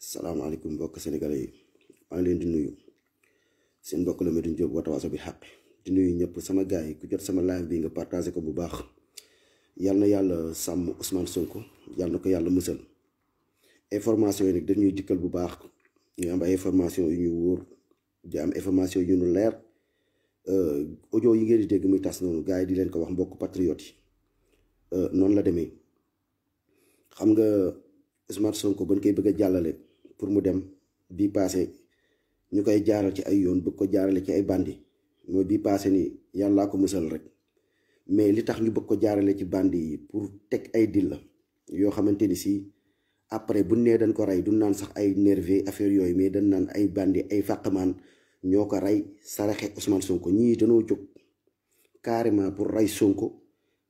salaamaaleykum mbokk sénégalais yi maa ngi leen di nuyu seen mbokk la Medoune Diop wa Tawaasaw bil haqq di nuyu ñëpp sama gars yi ku jot sama live bi nga partagé ko bu baax yal na yàlla sàmm Ousmane Sonko ko yàlla musal information yi nag dañuy dikkal bu baax ñu am ay information yu ñu wóor di am information yu ñu leer euh, audio yi ngeen di dégg muy tas noonu gars yi di leen ko wax mbokk patriote yi euh, noonu la demee xam nga Ousmane Sonko bañ koy bëgg a jàllale. pour mu dem bi passé ñu koy jaaral ci ay yoon bëgg ko jaarale ci ay bandi mooy bi passé ni yàllaa ko musal rek mais li tax ñu bëgg ko jaarale ci bandi yi pour teg ay dil yoo xamante ni si après bu nee dañ ko rey du naan sax ay nerve affaire yooyu mais dañ naan ay bandi ay fàqamaan ñoo ko rey saraxe Ousmane Sonko ñii dañoo jóg carrément pour rey Sonko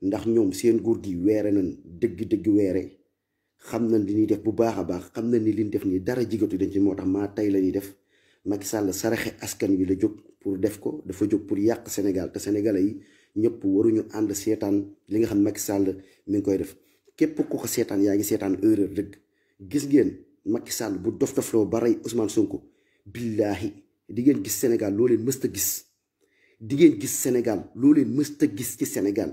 ndax ñoom seen nguur gi weere na dëgg-dëgg weere xam nañ li ñuy def bu baax a baax xam na ni li def nii dara jigatu dañ ci moo tax maa tey la ñuy def Macky Sall saraxe askan wi la jóg pour def ko dafa jóg pour yàq senegal te sénégalais yi ñëpp waruñu ànd seetaan li nga xam Macky Sall mi ngi koy def képp ku ko seetaan yaa ngi seetaan dëgg gis ngeen Macky Sall bu dof dofloo ba rey Ousmane Sonko billaahi di ngeen gis Sénégal loo leen mësta gis di ngeen gis senegal loo leen mësta gis ci senegal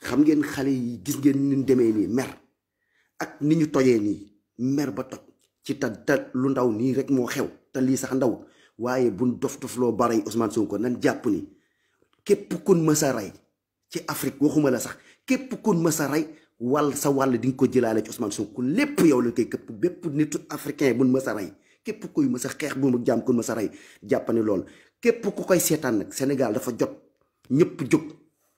xam ngeen xale yi gis ngeen ni demee nii mer. ak ni ñu tojee nii mer ba toj ci ta ta lu ndaw nii rek moo xew te lii sax ndaw waaye bu dof dof loo barey Ousmane Sonko nan jàpp ni képp kun mës a rey ci Afrique waxuma la sax képp kun mës a rey sa wàll di nga ko jëlaale ci Ousmane Sonko lépp yow la koy képp bépp nitu africain buñ mës a rey képp kuy mës a xeex bu mu jaam kun mës a rey jàpp ne loolu képp ku koy seetaan nag Sénégal dafa jot ñëpp jóg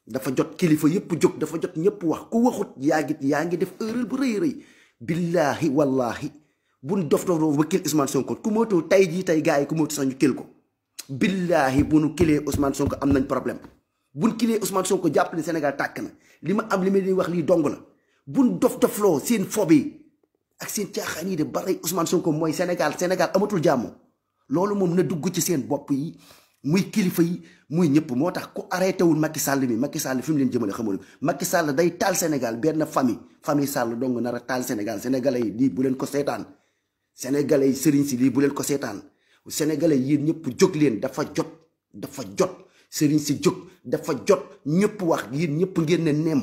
dafa jot kilifa yëpp jóg dafa jot ñëpp wax ku waxut yaa ngi yaa ngi def erreur bu rëy rëy billaahi wallaahi buñ dof dof ba kil usman Sonko ku mootoo tay jii tey gars yi ku mootu sax ñu kil ko billaahi bu nu kilee Ousmane Sonko am nañ problème buñ kilee Ousmane Sonko jàpp ne Sénégal tàkk na li ma am li ma leen wax lii dong la buñ dof dofloo seen fob yi ak seen caaxaan yi de bare Ousmane Sonko mooy Sénégal Sénégal amatul jàmm loolu moom na dugg ci seen bopp yi muy kilifa yi muy ñëpp moo tax ku arrêté wul Macky Sall mi Macky sàll fi leen jëmale xamuñu Macky Sall day taal Sénégal benn famille famille Sall dong nar a taal Sénégal sénégalais yi lii bu leen ko seetaan sénégalais yi sëriñ si lii bu leen ko seetaan sénégalais yéen ñëpp jóg leen dafa jot dafa jot sëriñ si jóg dafa jot ñëpp wax yéen ñëpp ngeen ne neem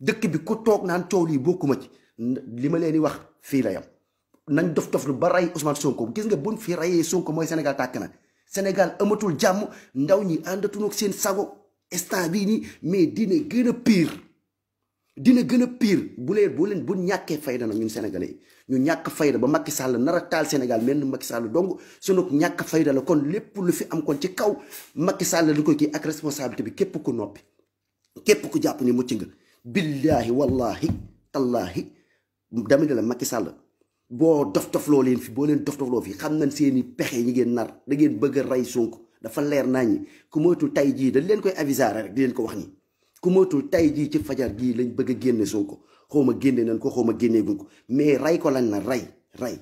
dëkk bi ku toog naan coow lii bokkuma ci li ma leen di wax fii la nañ dof dof lu ba rey Ousmane Sonko gis nga buñ fi reyee Sonko mooy Sénégal tàkk na. senegal amatul jàmm ndaw ñi àndatuñu ak seen sago instant bii nii mais dina gën a pire dina gën a pire bu leen bu leen bu ñàkkee fayda na ñun sénégalais ñu ñàkk fayda ba Macky Sall nar a taal Sénégal mel ni Macky Sall dong sunu ñàkk fayda la kon lépp lu fi am kon ci kaw Macky Sall li koy kii ak responsabilité bi képp ku noppi képp ku jàpp ni mucc nga billaahi wallaahi tallaahi dama ne la Macky Sall boo dof-dofloo leen fi boo leen dof-dofloo fi xam nañ seeni pexe yi ngeen nar da ngeen bëgg a rey Sonko dafa leer naa ñi ku moytul tay jii dañ leen koy avisa rek di leen ko wax ni ku moytul tay jii ci fajar gii lañ bëgg a génne Sonko xaw ma génne nañ ko xaw ma génnee guñ ko rey ko lañ na rey rey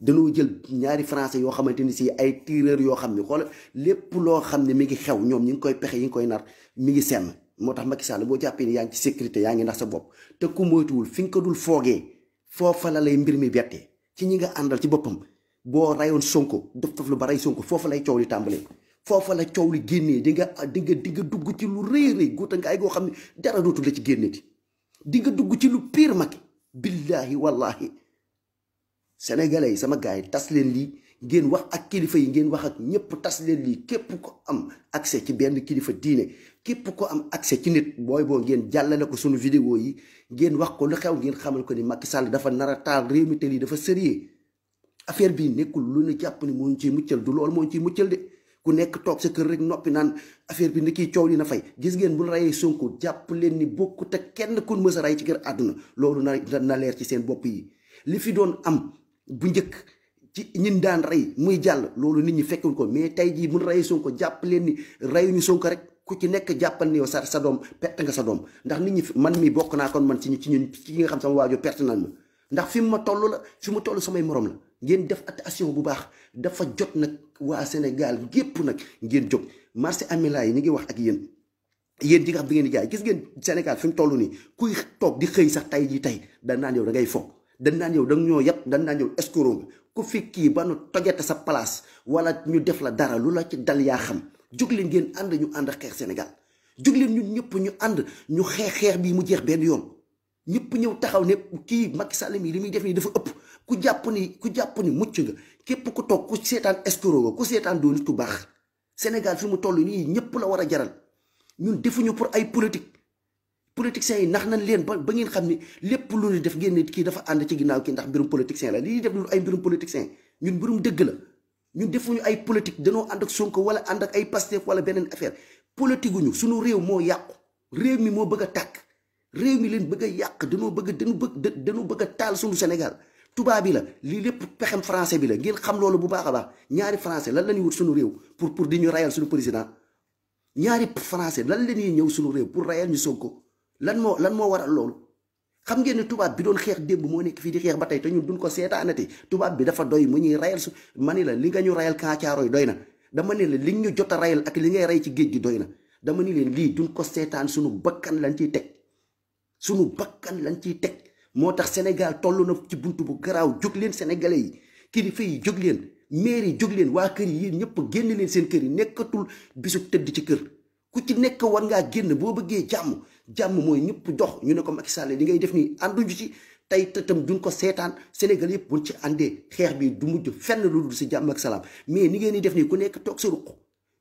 dañoo jël ñaari français yoo xamante ni si ay tireur yoo xam ne xoolal lépp loo xam ne mi ngi xew ñoom ñi ngi koy pexe yi ngi koy nar mi ngi senn moo tax Macky Sall boo jàppee ni ngi sécurité yaa ngi ndax sa bopp te ku moytuwul fi nga ko dul foogee foofa la lay mbir mi bettee ci ñi nga àndal ci boppam boo rayoon Sonko dof dof lu ba ray Sonko foofa lay coow li tàmbalee foofa la coow li génnee di nga dugg ci lu rëy rëy guuta nga ay goo xam ne dara dootu ci génneeti di nga dugg ci lu piir Macky billaahi wallaahi sénégalais yi sama gars yi tas leen lii ngeen wax ak kilifa yi ngeen wax ak ñëpp tas leen lii képp ko am accès ci benn kilifa diine képp ko am accès ci nit booy boo ngeen jàllale ko suñu video yi ngeen wax ko lu xew ngeen xamal ko ni Macky Sall dafa nara a taal réew mi te lii dafa sérieux affaire bii nekkul lu ñu jàpp ni moo ñu ciy muccal du loolu moo ciy muccal ku nekk toog sa kër rek noppi naan affaire bi ni kiy coow li na fay gis ngeen bu rayee Sonko jàpp leen ni bokkut ak kenn kun mës a ray ci kër àdduna loolu na na leer ci seen bopp yi li fi doon am bu njëkk ci ñin daan rey muy jàll loolu nit ñi fekkul ko mais tey jii mun rayee Sonko jàpp leen ni rayuñu Sonko rek ku ci nekk jàppal ni yow sa sa doom perte nga sa doom ndax nit ñi man mi bokk naa kon man ci ci ñun ci nga xam sama waajur perte na ma ndax fi mu ma toll la fi ma toll samay moroom la ngeen def attention bu baax dafa jot nag waa Sénégal gépp nag ngeen jóg marché amela yi ñu ngi wax ak yéen yéen di nga xam bi ngeen di jaay gis ngeen Sénégal fi mu toll nii kuy toog di xëy sax tey jii tey dan naan yow da ngay foog dan naan yow da ñoo yàpp dan naan yow escroc nga ku fi kii ba nu tojate sa place wala ñu def la dara lu la ci dal yaa xam jóg leen ngeen ànd ñu ànd xeex Sénégal jóg ñun ñëpp ñu ànd ñu xeex xeex bii mu jeex benn yoon ñëpp ñëw taxaw ne kii Macky Sall mii li muy def nii dafa ëpp ku jàpp ni ku jàpp ni mucc nga képp ku toog ku seetaan escroc nga ku seetaan doo nit ku baax Sénégal fi mu toll nii ñëpp la war a jaral ñun defuñu pour ay politique politiciens yi nax nañ leen ba ba ngeen xam ni lépp lu ñu def ngeen ne kii dafa ànd ci ginnaaw kii ndax mbirum politicien la li ñuy def lu ay mbirum politicien ñun mbirum dëgg la. ñu defuñu ay politique danoo ànd ak Sonko wala ànd ak ay Pastef wala beneen affaire politique ñu suñu réew moo yàqu réew mi moo bëgg a takk réew mi leen bëgg a yàq danoo bëgg dañu bëgg dañu bëgg a taal suñu Sénégal tubaab yi la lii lépp pexem français bi la ngeen xam loolu bu baax a baax ñaari français lan la ñuy wut suñu réew pour pour di ñu rayal suñu président ñaari français lan la ñuy ñëw sunu réew pour rayal ñu Sonko lan moo lan moo waral loolu xam ngeen ne tubaab bi doon xeex démb moo nekk fii di xeex ba tey te ñun duñ ko seetaanati tubaab bi dafa doy mu ñuy rayal su ma ni la li nga ñu rayal kaacaaroy doy na dama ne la li jot a ak li ngay rey géej gi doy na dama ni leen lii duñ ko seetaan suñu bakkan lañ ciy teg suñu bakkan lañ ciy teg moo tax Sénégal toll na ci bunt bu garaaw jóg leen sénégalais yi kilifa yi jóg leen maire yi jóg leen waa kër yi yéen ñëpp génn leen seen kër yi nekkatul bisu tëdd ci kër ku ci nekk war ngaa génn boo bëggee jàmm jàmm mooy ñëpp jox ñu ne ko Macky Sall li ngay def nii ànduñu ci tey te tam duñ ko seetaan Sénégal yëpp buñ ci àndee xeex bi du mujj fenn lu dul si jàmm ak salaam mais ni ngeen di def nii ku nekk toog sa ruq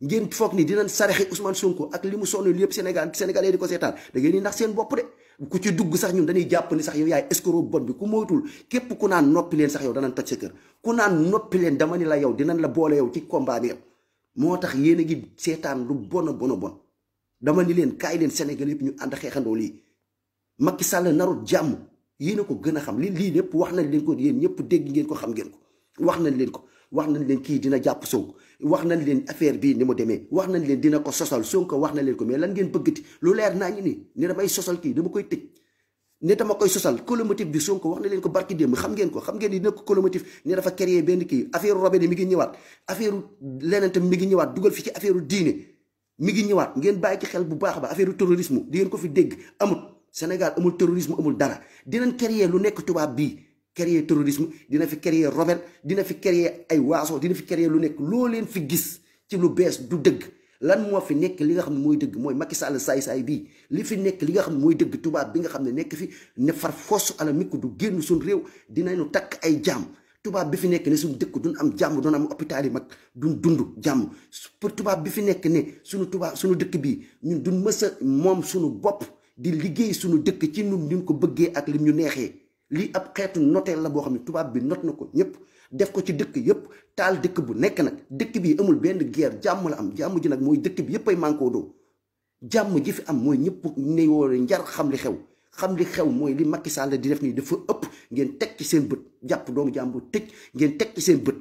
ngeen foog ni dinañ saraxi Ousmane Sonko ak li mu sonn lépp Sénégal Sénégalais di ko seetaan da ngeen di seen bopp de ku ci dugg ñun dañuy jàpp ni sax yow yaay escroc bon bi ku moytul képp ku naan noppi sax yow danañ toj sa kër ku naan noppi leen dama ni la yow dinañ la boole yow ci combat moo tax yéen a seetaan lu bon a bon a bon dama ni leen kaay leen Sénégal yëpp ñu ànd xeexandoo lii Macky Sall narut jàmm yéen a ko gën a xam li lii lépp wax na leen ko yéen ñëpp dégg ngeen ko xam ngeen ko wax nañ leen ko wax nañ leen kii dina jàpp Sonko wax na leen affaire bii ni mu demee wax nañ leen dina ko sosal Sonko wax nañ leen ko mais lan ngeen ti lu leer naa ñu ni ne damay sosal kii dama koy tëj ne dama koy sosal colomotive bi Sonko wax na leen ko barki démb xam ngeen ko xam ngeen ni dina ko colomotive ne dafa créer benn kii affaire robé mi ngi ñëwaat affaire leneen tam ngi ñëwaat dugal fi ci affaire diine mi ngi ñëwaat ngeen bàyyi ci xel bu baax ba affaire terrorisme di ngeen ko fi dégg amul Sénégal amul terrorisme amul dara dina créer lu nekk tubaab bii créer terrorisme dina fi créer robel dina fi créer ay waaso dina fi lu nekk loo leen fi gis ci lu bees du dëgg lan moo fi nekk li nga xam ne mooy dëgg mooy Macky Sall saay-saay bii li fi nekk li nga xam ne mooy dëgg tubaab bi nga xam ne nekk fi ne far foos ala du génn suñ réew dina dinañu takk ay jaam tubaab bi fi nekk ne suñu dëkk duñ am jàmm duñ am hôpital yi mag duñ dund jàmm pour tubaab bi fi nekk ne suñu tubaab suñu dëkk bi ñun duñ mës moom suñu bopp di liggéey suñu dëkk ci ñun ñu ko bëggee ak lim ñu neexee lii ab xeetu noteel la boo xam ne tubaab bi not na ko ñëpp def ko ci dëkk yëpp taal dëkk bu nekk nag dëkk bii amul benn guerre jàmm la am jàmm ji nag mooy dëkk bi yëpp ay manko doo jàmm ji fi am mooy ñëpp ne woon njar xam li xew xam li xew mooy li Macky Sall di def nii dafa ëpp ngeen teg ci seen bët jàpp doomu jàmbur tëj ngeen teg ci seen bët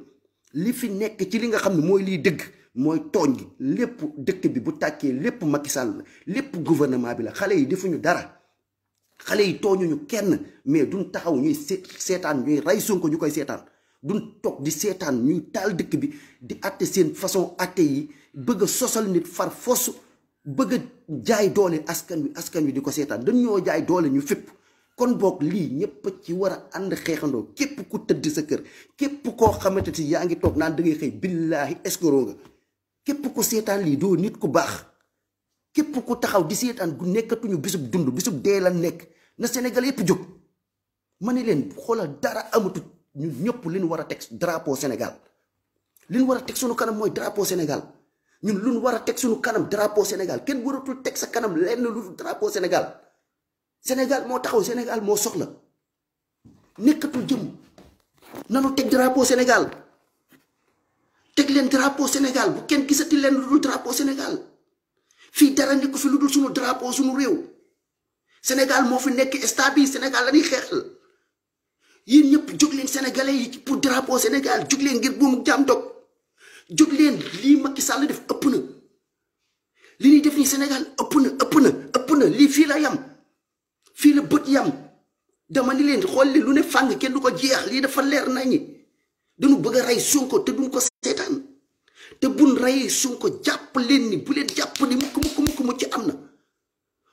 li fi nekk ci li nga xam ne mooy lii dëgg mooy tooñ gi lépp dëkk bi bu tàkkee lépp Macky Sall lépp gouvernement bi la xale yi defuñu dara xale yi tooñuñu kenn mais duñ taxaw ñuy seetaan ñuy rey ko ñu koy seetaan duñ toog di seetaan ñu taal dëkk bi di àtte seen façon àtte yi bëgg a sosal nit far fosu bëgg jaay doole askan wi askan wi di ko seetaan dañ ñoo jaay doole ñu fépp kon boog lii ñëpp ci war a ànd xeexandoo képp ku tëdd sa kër képp koo xamante si yaa ngi toog naan da ngay xëy billaahi escro nga képp ko seetaan lii doo nit ku baax képp ku taxaw di seetaan gu nekkatuñu bisub dund bisub dee la nekk na senegal yëpp jóg ma ne leen xoolal dara amatut ñun ñëpp li war a teg drapeau Sénégal li war a teg sunu kanam mooy drapeau Sénégal. ñun lu ñu war a teg suñu kanam drapeau Sénégal kenn waratul teg sa kanam lenn lu drapeau Sénégal Sénégal moo taxaw Sénégal moo soxla nekkatul jëm nanu teg drapeau Sénégal teg leen drapeau Sénégal bu kenn gisati leen lu dul drapeau fii dara nekk fi lu dul suñu drapeau suñu réew Sénégal moo fi nekk état bi Sénégal la ñuy xeexal yéen ñëpp jóg leen sénégalais yi pour drapeau Sénégal jóg leen ngir buum jaam dog jóg leen lii Macky Sall def ëpp na li ñuy def nii senegal ëpp na ëpp na ëpp na lii fii la yam fii la bët yam dama ni leen xool lu ne fàng kenn du ko jeex lii dafa leer nañ dañu bëgg a rey Sonko te duñ ko seetaan te buñ reyee jàpp leen ni bu leen jàpp ni mukk ci am na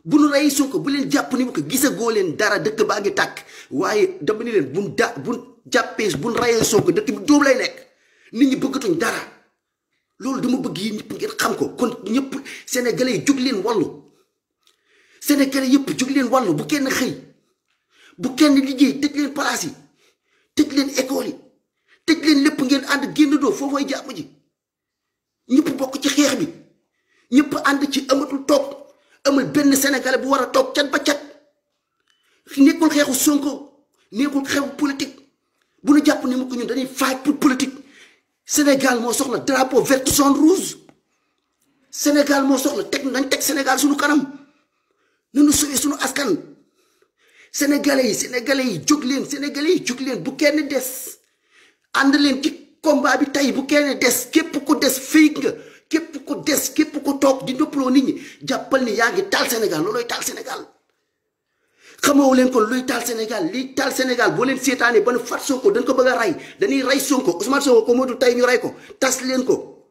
bu nu reyee bu leen jàpp ni mukk gisagoo leen dara dëkk baa ngi tàkk waaye dama leen buñ da jàppee buñ reyee Sonko dëkk bi lay nekk nit ñi bëggatuñ dara loolu dama bëgg yi ñëpp ngeen xam ko kon ñëpp sénégalais yi jóg leen wàllu sénégalais yëpp jóg leen wàllu bu kenn xëy bu kenn liggéey tëj leen palaas yi tëj leen école yi tëj leen lépp ngeen ànd génn doo foofooy jàmm ji ñëpp bokk ci xeex bi ñëpp ànd ci amatul toog amul benn sénégalais bu war a toog cat ba cat nekkul xeexu sonko nekkul xew politique bu nu jàpp ne ma ko ñu dañuy faaj pour politique Sénégal moo soxla drapeau vert jaune rouge Sénégal moo soxla teg nañ teg Sénégal suñu kanam nañu suñu suñu askan sénégalais yi sénégalais yi jóg leen sénégalais yi jóg leen bu kenn des ànd leen ci komba bi tey bu kenn des képp ku des fii nga képp ko des képp ku toog di noppaloo nit ñi jàppal ni yaa ngi taal Sénégal loolooy taal Sénégal. xamoo leen kon luy taal Sénégal liy taal Sénégal boo leen seetaanee ba ne fat Sonko dañ ko bëgg a rey dañuy rey Sonko Ousmane ko ku moytu tey ñu rey ko tas leen ko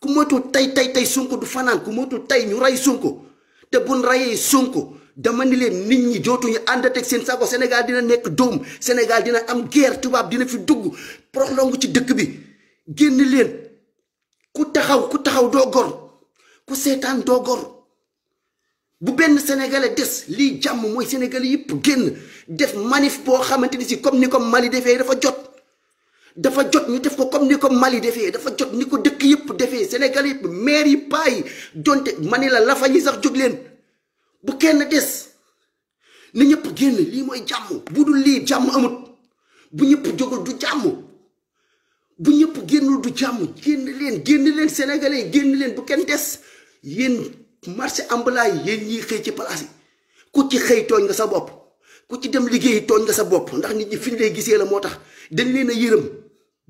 ku moytu tey tey tey Sonko du fanaan ku moytu tey ñu rey Sonko te buñ reyee Sonko dama ni leen nit ñi dootuñu ànd teg seen sago Sénégal dina nekk doom Sénégal dina am guerre tubaab dina fi dugg prolonge ci dëkk bi génn leen ku taxaw ku taxaw doo gor ku seetaan doo gor bu benn sénégalais des lii jàmm mooy sénégalais yëpp génn def manif boo xamante ni si comme ni ko Mali defee dafa jot dafa jot ñu def ko comme ni ko Mali defee dafa jot ni ko dëkk yëpp defee sénégalais yëpp maire yi paa donte mani la lafa yi sax jóg leen bu kenn des ni ñëpp génn lii mooy jàmm bu dul lii jàmm amut bu ñëpp jógul du jàmm bu ñëpp génnul du jàmm génn leen génn leen sénégalais génn leen bu kenn des yénn marché ambulant yi yéen ñiy xëy ci place yi ku ci xëy tooñ nga sa bopp ku ci dem liggéey tooñ nga sa bopp ndax nit ñi fi ñu lay gisee la moo tax dañ leen a yërëm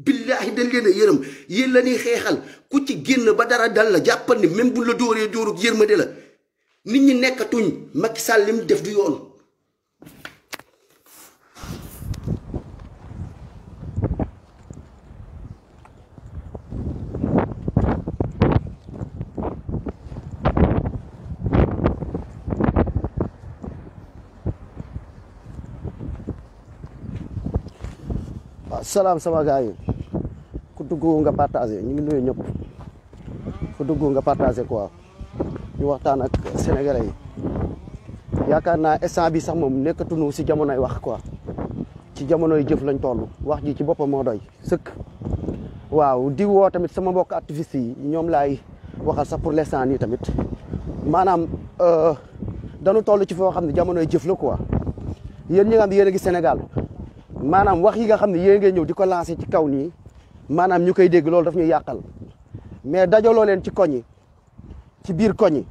billaahi dañ leen a yërëm yéen la ñuy xeexal ku ci génn ba dara dal la jàppal ni même bu la dóoree dóorug de la nit ñi nekkatuñ Macky Sall li mu def du yoon. salaam sama gars yi ku dugg nga partagé ñu ngi nuyu ñëpp ku dugg nga partagé quoi ñu waxtaan ak sénégalais yi yaakaar naa instant bi sax moom nekkatuñu si jamonoy wax ko ci jamonoy jëf lañ toll wax ji ci boppam moo doy sëkk. waaw di woo tamit sama mbokk activiste yi ñoom laay waxal sax pour l'instant yi tamit maanaam euh, dañu toll ci foo xam ne jamonoy jëf la quoi yéen ñi nga ne yéen Sénégal. maanaam wax yi nga xam ne yéen ngay ñëw di ko lancé ci kaw nii maanaam ñu koy dégg loolu daf ñuy yàqal mais dajaloo leen ci koñ yi ci biir koñ yi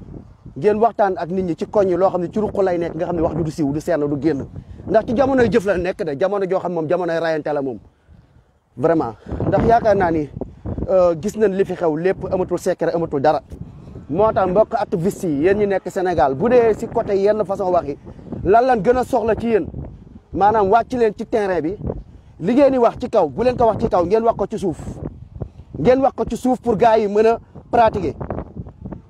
ngeen waxtaan ak nit ñi ci koñ yi loo xam ne ci ruq lay nekk nga xam ne wax du du siw du seen du génn ndax ci jamonoy jëf la nekk de jamono joo xam moom jamonoy rayante la moom vraiment ndax yaakaar naa ni euh, gis nañ li fi xew lépp amatul secret amatul dara moo tax mbokk activiste yi yéen ñi nekk Sénégal bu dee si côté yenn façon wax yi lan lan gën a soxla ci yéen maanaam wàcc leen ci terrain bi li ngeen di wax ci kaw bu leen ko wax ci kaw ngeen wax ko ci suuf ngeen wax ko ci suuf pour gars yi mën a pratiquer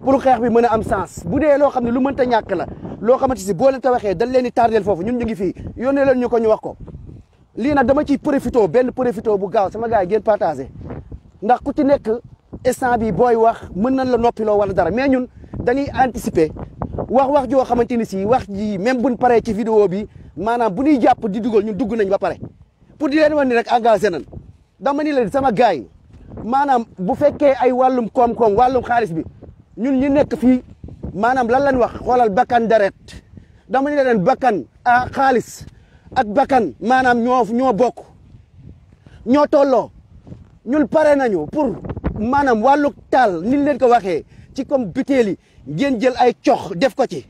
pour xeex bi mën a am sens bu dee loo xam ne lu mën te ñàkk la loo xamante si boo leen ka waxee dañ leen di tardeel foofu ñun ñu ngi fii yónnee leen ñu ko ñu wax ko lii nag dama ciy profité benn profité bu gaaw sama gars yi ngeen partagé ndax ku ci nekk instant bi booy wax mën nañ la noppiloo wala dara mais ñun dañuy anticiper wax wax joo xamante ni si wax ji même buñ paree ci vidéo bi maanaam bu ñuy jàpp di dugal ñu dugg nañ ba pare pour di leen wan ni rek engagé nañ dama ni leen sama gars yi maanaam bu fekkee ay wàllum koom-koom wàllum xaalis bi ñun ñu nekk fii maanaam lan lañ wax xoolal bakkan deret dama ni leen bakkan a xaalis ak bakkan maanaam ñoo ñoo bokk ñoo tolloo ñun pare nañu pour maanaam wàllu taal ni leen ko waxee ci comme butéel yi ngeen jël ay cox def ko ci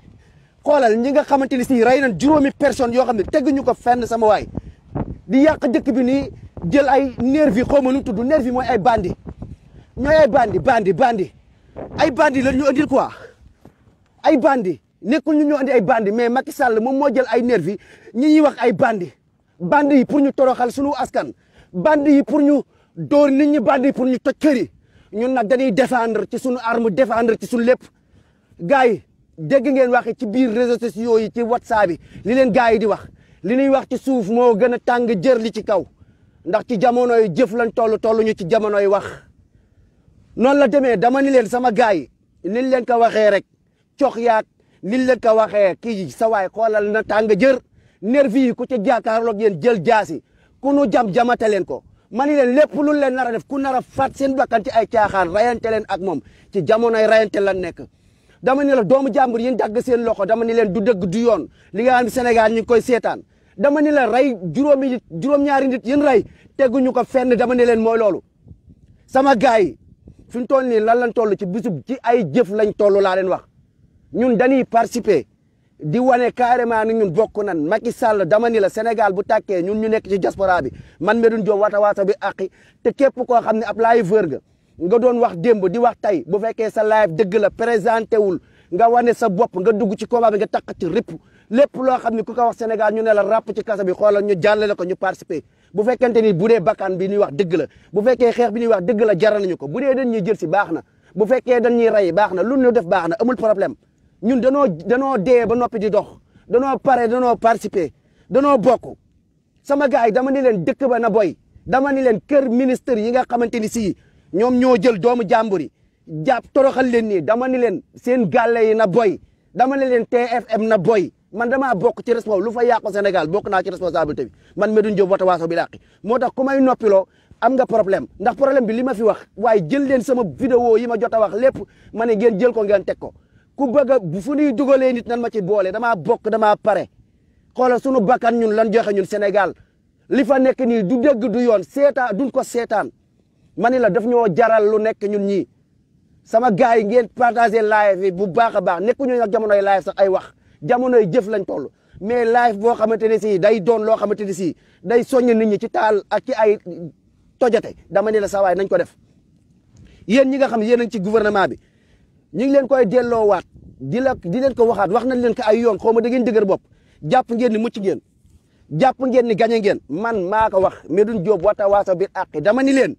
xoolal ñi nga xamante ni si rey nañ juróomi personne yoo xam ne teguñu ko fenn sama waay di yàq dëkk bi nii jël ay nervi xaw ma nu tudd nervi mooy ay bandi ñooy ay bandi bandi bandi ay bandi la ñu andil quoi ay bandi nekkul ñu ñoo ay bandi mais Macky Sall moom moo jël ay nervi ñi ñuy wax ay bandi bandi yi pour ñu toroxal suñu askan bandi yi pour ñu dóor nit ñi bandi yi pour ñu toj kër nag dañuy défendre ci suñu arme défendre ci suñu lépp gars yi dégg ngeen waxe ci biir réseaux sociaux yi ci whatsapp yi li leen gars yi di wax li ñuy wax ci suuf moo gën a tàng jër li ci kaw ndax ci jamonoy jëf lañ toll toll ñu ci jamonoy wax. noonu la demee dama ni leen sama gars yi liñ leen ko waxee rek cox yaag liñ leen ko waxee kii sa waay xoolal na tàng jër nervi yi ku ca jàkkaarloog yéen jël jaasi ku nu jam jamate leen ko. ma ni leen lépp lu leen nar a def ku nar a faat seen bakkan ci ay caaxaan rayante leen ak moom ci jamonoy rayante lan nekk. dama ne la doomu jàmbur yi ñu dagg seen loxo dama ne leen du dëgg du yoon li nga xam Sénégal ñu ngi koy seetaan dama ne la rey juróomi nit juróom-ñaari nit yéen rey teguñu ko fenn dama ne leen mooy loolu. sama gars yi fi mu toll nii lan lañ toll ci bisub ci ay jëf lañ toll laa leen wax ñun dañuy participer di wane carrément ni ñun bokk nan Macky Sall dama ni la Sénégal bu tàkkee ñun ñu nekk ci diaspora bi man Medoune Diop wata wata bi àqi te képp koo xam ne ab laay vër nga nga doon wax démb di wax tey bu fekkee sa live dëgg la présenté wul nga wane sa bopp nga dugg ci combat bi nga taqati rëpp lépp loo xam ne ku ko wax Sénégal ñu ne la ci kasa bi xoolal ñu jàllale ko ñu participer bu fekkente ni bu dee bakkan bi ni wax dëgg la bu fekkee xeex bi ñuy wax dëgg la jaral nañu ko bu dee dañ ñuy jël si baax na bu fekkee dañ ñuy rey baax na lu ñu def baax na amul problème ñun danoo danoo dee ba noppi di dox danoo pare danoo participer danoo bokk sama gars yi dama ni leen dëkk ba na boy dama ni leen kër ministre yi nga xamante ni sii ñoom ñoo jël doomu jàmbur yi jàpp toroxal leen nii dama ni leen seen gàlle yi na boy dama ne leen TFM na boy man damaa bokk ci responsable lu fa yàqu Sénégal bokk naa ci responsabilité bi man Medoune Diop wata waaso bi làqi moo tax ku may noppiloo am nga problème ndax problème bi li ma fi wax waaye jël leen sama vidéo yi ma jot a wax lépp ma ne ngeen jël ko ngeen teg ko ku bëgg a bu fu ñuy dugalee nit nan ma ci boole damaa bokk damaa pare xoolal sunu bakkan ñun lan joxe ñun senegal li fa nekk nii du dégg du yoon seetaan duñ ko seetaan ma ni la def ñoo jaral lu nekk ñun ñii sama gars yi ngeen partagé live bu baax a baax nekkuñu nag jamonoy live sax ay wax jamonoy jëf lañ toll mais live boo xamante ne si day doon loo xamante ne si day soññ nit ñi ci taal ak ci ay tojate dama ni la saa waay nañ ko def yéen ñi nga xam yéen a ci gouvernement bi ñu ngi leen koy delloowaat di la di leen ko waxaat wax nañ leen ko ay yoon ko ma da ngeen dëgër bopp jàpp ngeen ni mucc ngeen jàpp ngeen ni gaña ngeen man maa ko wax Medoune Diop Watawasaw Bil Haqqi dama ni leen.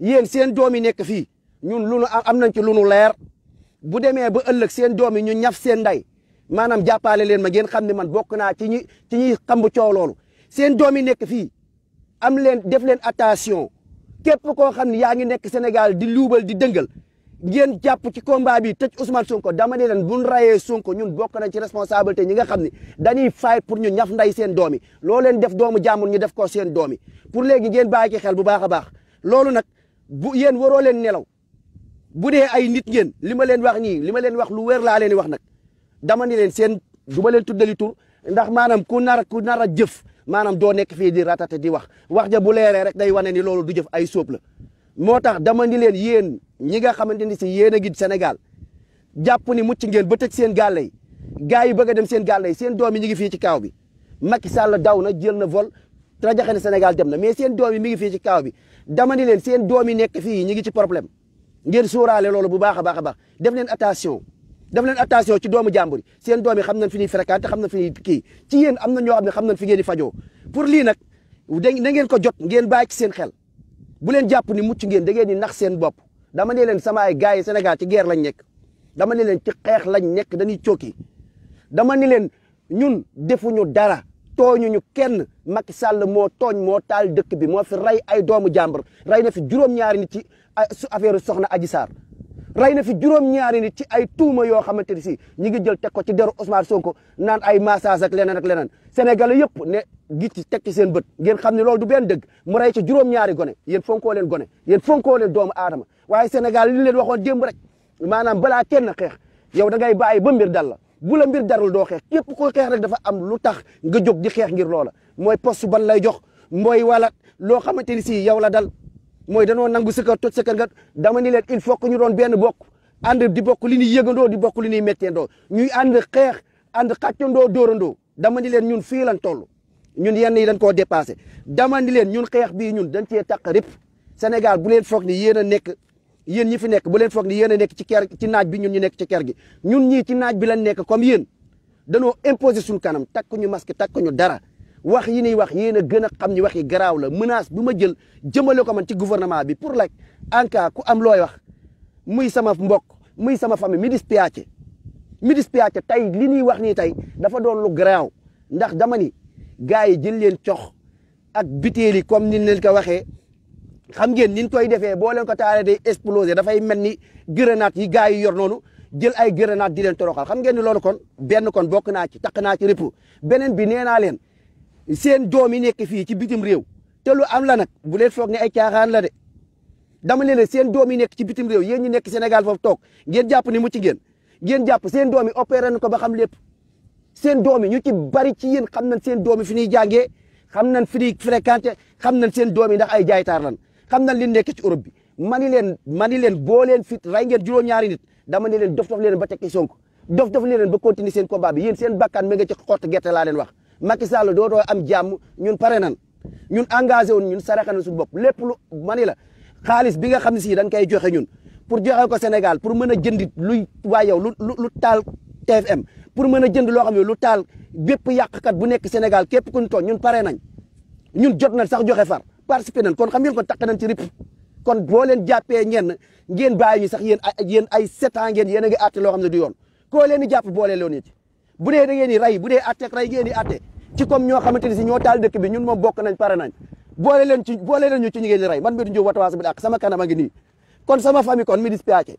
yéen seen doom yi nekk fii ñun lu nu am nañ ci lu nu leer bu demee ba ëllëg seen doom yi ñu ñaf seen nday maanaam jàppale leen ma ngeen xam ne man bokk naa ci ñi ci ñuy coow loolu seen doom yi nekk fii am leen def leen attention képp koo xam ne yaa ngi nekk Sénégal di luubal di dëngal ngeen jàpp ci combat bi tëj Ousmane Sonko dama ne leen bu ñu rayee Sonko ñun bokk nañ ci responsabilité ñi nga xam ne dañuy fay pour ñu ñaf nday seen doom yi loo leen def doomu jàmbur ñu def ko seen doom yi pour léegi ngeen bàyyi xel bu baax a baax loolu nag bu yéen waroo leen nelaw bu dee ay nit ngeen li ma leen wax nii li ma leen wax lu wér laa leen wax nag dama leen seen du ma leen tuddali tur ndax maanaam ku nara ku nar a jëf maanaam doo nekk fii di ratate di wax wax ja bu leeree rek day wane ni loolu du jëf ay sóob la moo tax dama ni leen yéen ñi nga xamante ni si yéen a ngi Sénégal jàpp ni mucc ngeen ba tëj seen gàlle yi gars yi bëgg a dem seen gàlle yi seen doom yi ñu ngi fii ci kaw bi Macky Sall daw na jël na vol trajaxe ne Sénégal dem na mais seen doom yi mi ngi fii ci kaaw bi dama ni leen seen doom yi nekk fii ñu ngi ci problème ngeen sóoraale loolu bu baax a baax a baax def leen attention def leen attention ci doomu jàmbur seen doom yi xam nañ fi ñuy fréquenté xam nañ fi ñuy kii ci yéen am na ñoo xam ne xam nañ fi ngeen di fajoo pour lii nag da ngeen ko jot ngeen bàyyi ci seen xel bu leen jàpp ni mucc ngeen da ngeen di nax seen bopp dama ne leen sama ay gars yi Sénégal ci geer lañ nekk dama ne leen ci xeex lañ nekk dañuy cooki dama ni leen ñun defuñu dara tooñuñu kenn maki Sall moo tooñ moo taal dëkk bi moo fi rey ay doomu jàmbur rey na fi juróom-ñaari nit ci su affaire soxna Adji Sarr rey na fi juróom-ñaari nit ci ay tuuma yoo xamante ni si ñi ngi jël teg ko ci deru Ousmane Sonko naan ay massage ak leneen ak leneen Sénégalais yëpp ne gi ci teg ki seen bët ngeen xam ne loolu du benn dëgg mu rey ci juróom-ñaari gone yéen fonko leen gone yéen fonkoo leen doomu aadama waaye Sénégal li leen waxoon démb rek maanaam balaa kenn xeex yow da ngay bàyyi ba mbir dal la bu la mbir darul doo xeex képp ko xeex rek dafa am lu tax nga jóg di xeex ngir loola mooy post ban lay jox mooy wala loo xamante ni si yow la dal mooy danoo nangu sa kër toj sa kër nga dama leen il faut que ñu doon benn bokk ànd di bokk li ñuy yëgandoo di bokk li ñuy métteendoo ñuy ànd xeex ànd xàccandoo dóorandoo dama ni leen ñun fii lan toll ñun yenn yi dañ koo dépassé dama leen ñun xeex bii ñun dañ cee taq rip Sénégal bu leen foog ni yéen a nekk yéen ñi fi nekk bu leen foog ni yéen a nekk ci ker ci naaj bi ñun nekk ci ker gi ñun ñii ci naaj bi lañ nekk comme yen danoo imposer suñu kanam takk ñu masque takk ñu dara wax yi ñuy wax yéen a gën a xam ni wax yi garaaw la menace bu ma jël jëmale ko man ci gouvernement bi pour lak en ku am looy wax muy sama mbokk muy sama famille mi dispiace mi dispiace tey li ñuy wax nii tey dafa doon lu garaaw ndax dama ni gars yi jël leen cox ak bitéel yi comme ni leen ko waxee xam ngeen ni ñu koy defee boo leen ko taalee day exploser dafay mel ni grenade yi gars yi yor noonu jël ay grenade di leen toroxal xam ngeen ni loolu kon benn kon bokk naa ci takk naa ci beneen bi nee naa leen seen doom yi nekk fii ci bitim réew te lu am la nag bu leen foog ne ay caaxaan dama leen ne seen doom yi nekk ci bitim réew yéen ñi nekk Sénégal foofu toog ngeen jàpp ni mucc ngeen ngeen jàpp seen doom yi opéré na ko ba xam lépp seen doom yi ñu ci bari ci yéen xam nañ seen doom yi fi ñuy jàngee xam nañ fi ñuy fréquenté xam nañ seen doom yi ndax ay jaaytaar lan xam na li nekk ci Europe bi ma ni leen ma ni leen boo leen fit rey ngeen juróom-ñaari nit dama ne leen dof dof leen ba tekki Sonko dof dof leen ba continuer sen combat bi yéen seen bakkan mi nga ci xott gerte laa leen wax am jàmm ñun pare nan ñun engagé woon ñun saraxa na suñu bopp lépp lu ma ni la xaalis bi nga xam ne si dañ koy joxe ñun pour joxe ko Sénégal pour mën a jëndit luy waa yow lu lu taal TFM pour mën a jënd loo xam ne lu taal bépp yàqkat bu nekk Sénégal képp ku ñu tooñ ñun pare nañ ñun jot na sax joxe far participer nañ kon xam ngeen kon taq nañ ci ripp kon boo leen jàppee ñenn ngeen bàyyi ñu sax yéen ay yéen ay sept ngeen yéen a loo xam ne du yoon koo leen di jàpp boole loon ci bu dee da ngeen di bu dee àtteeg rey ngeen ci comme ñoo xamante ni si ñoo taal dëkk bi ñun moom bokk nañ pare nañ leen ci boole leen ngeen di rey man mii di Ndiob Watawasaw Bil Haq sama kanam a ngi nii kon sama famille kon mi dispiace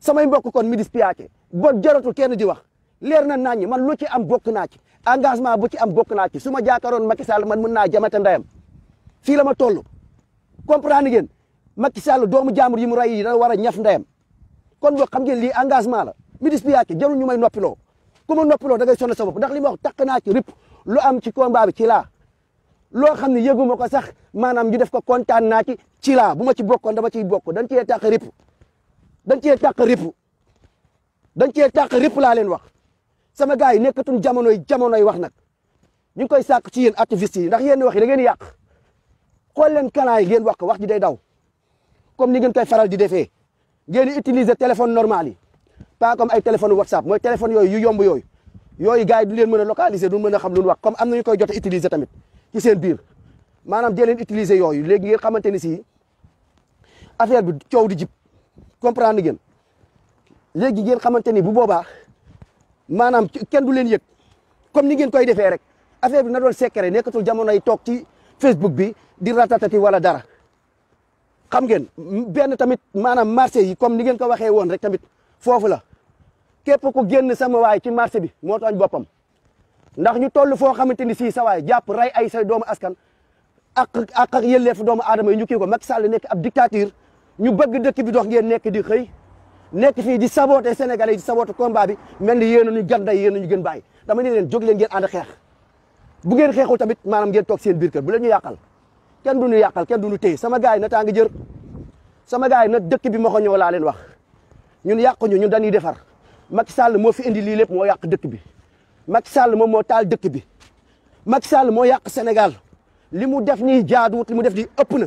samay mbokk kon mi dispiace ba jaratul kenn di wax leer na nañ man lu ci am bokk naa ci engagement bu ci am bokk naa ci su ma jaakaaroon Macky Sall man mën naa jamate ndayam fii la ma toll ni ngeen Macky Sall doomu jaambur yi mu rey yi dana war a ñaf ndeyam kon boo xam ngeen lii engagement la ministre bi yaa ci jarul ñu may noppiloo ku ma noppiloo da ngay sonn sa bopp ndax li ma wax takk naa ci rip lu am ci combat bi ci laa loo xam ne yëgu ma ko sax maanaam ñu def ko kontaan naa ci ci bu ma ci bokkoon dama ciy bokk dañ cee tàq rip dañ cee tàq rip dañ cee tàq rip laa leen wax sama gars yi nekkatum jamonoy jamonoy wax nag ñu ngi koy sàkk ci yéen activistes yi ndax yéen wax yi da ngeen yàq xool leen canal yi ngeen wax ko wax ji day daw comme ni ngeen koy faral di defee ngeen utiliser téléphone normal yi pas comme ay téléphone whatsapp mooy téléphone yooyu yu yomb yooyu yooyu gars yi du leen mën a localiser du mën a xam lu ñu wax am na ñu koy jot a utiliser tamit ci seen biir maanaam dee leen utiliser yooyu léegi ngeen xamante ni si affaire bi coow di jib comprendre ngeen léegi ngeen xamante ni bu boobaa maanaam kenn du leen yëg comme ni ngeen koy defee rek affaire bi na doon secret nekkatul jamonoy toog ci. Facebook bi di ratatati wala dara xam ngeen benn tamit maanaam marché yi comme ni ngeen ko waxee woon rek tamit foofu la képp ku génn sama waay ci marché bi moo tooñ boppam ndax ñu toll foo xamante ni sii sa waaye jàpp rey ay say doomu askan ak ak ak yelleefu doomu aadama yi ñu kii ko Macky Sall nekk ab dictature ñu bëgg dëkk bi dox ngeen nekk di xëy nekk fii di saboté Sénégalais yi di saboté ko bi mel ni yéen a ñu gànday yéen a ñu gën bàyyi dama ne leen jóg leen ngeen ànd xeex. bu ngeen xeexul tamit maanaam ngeen toog seen biir kër bu la ñu yàqal kenn du ñu yàqal kenn du ñu téye sama gars yi na tàng jër sama gars yi na dëkk bi ma ko ñëw laa leen wax ñun yàquñu ñun dañuy defar Macky Sall moo fi indi lii lépp moo yàq dëkk bi Macky Sall moom moo taal dëkk bi Macky Sall moo yàq Sénégal li mu def nii jaaduwut li mu def nii ëpp na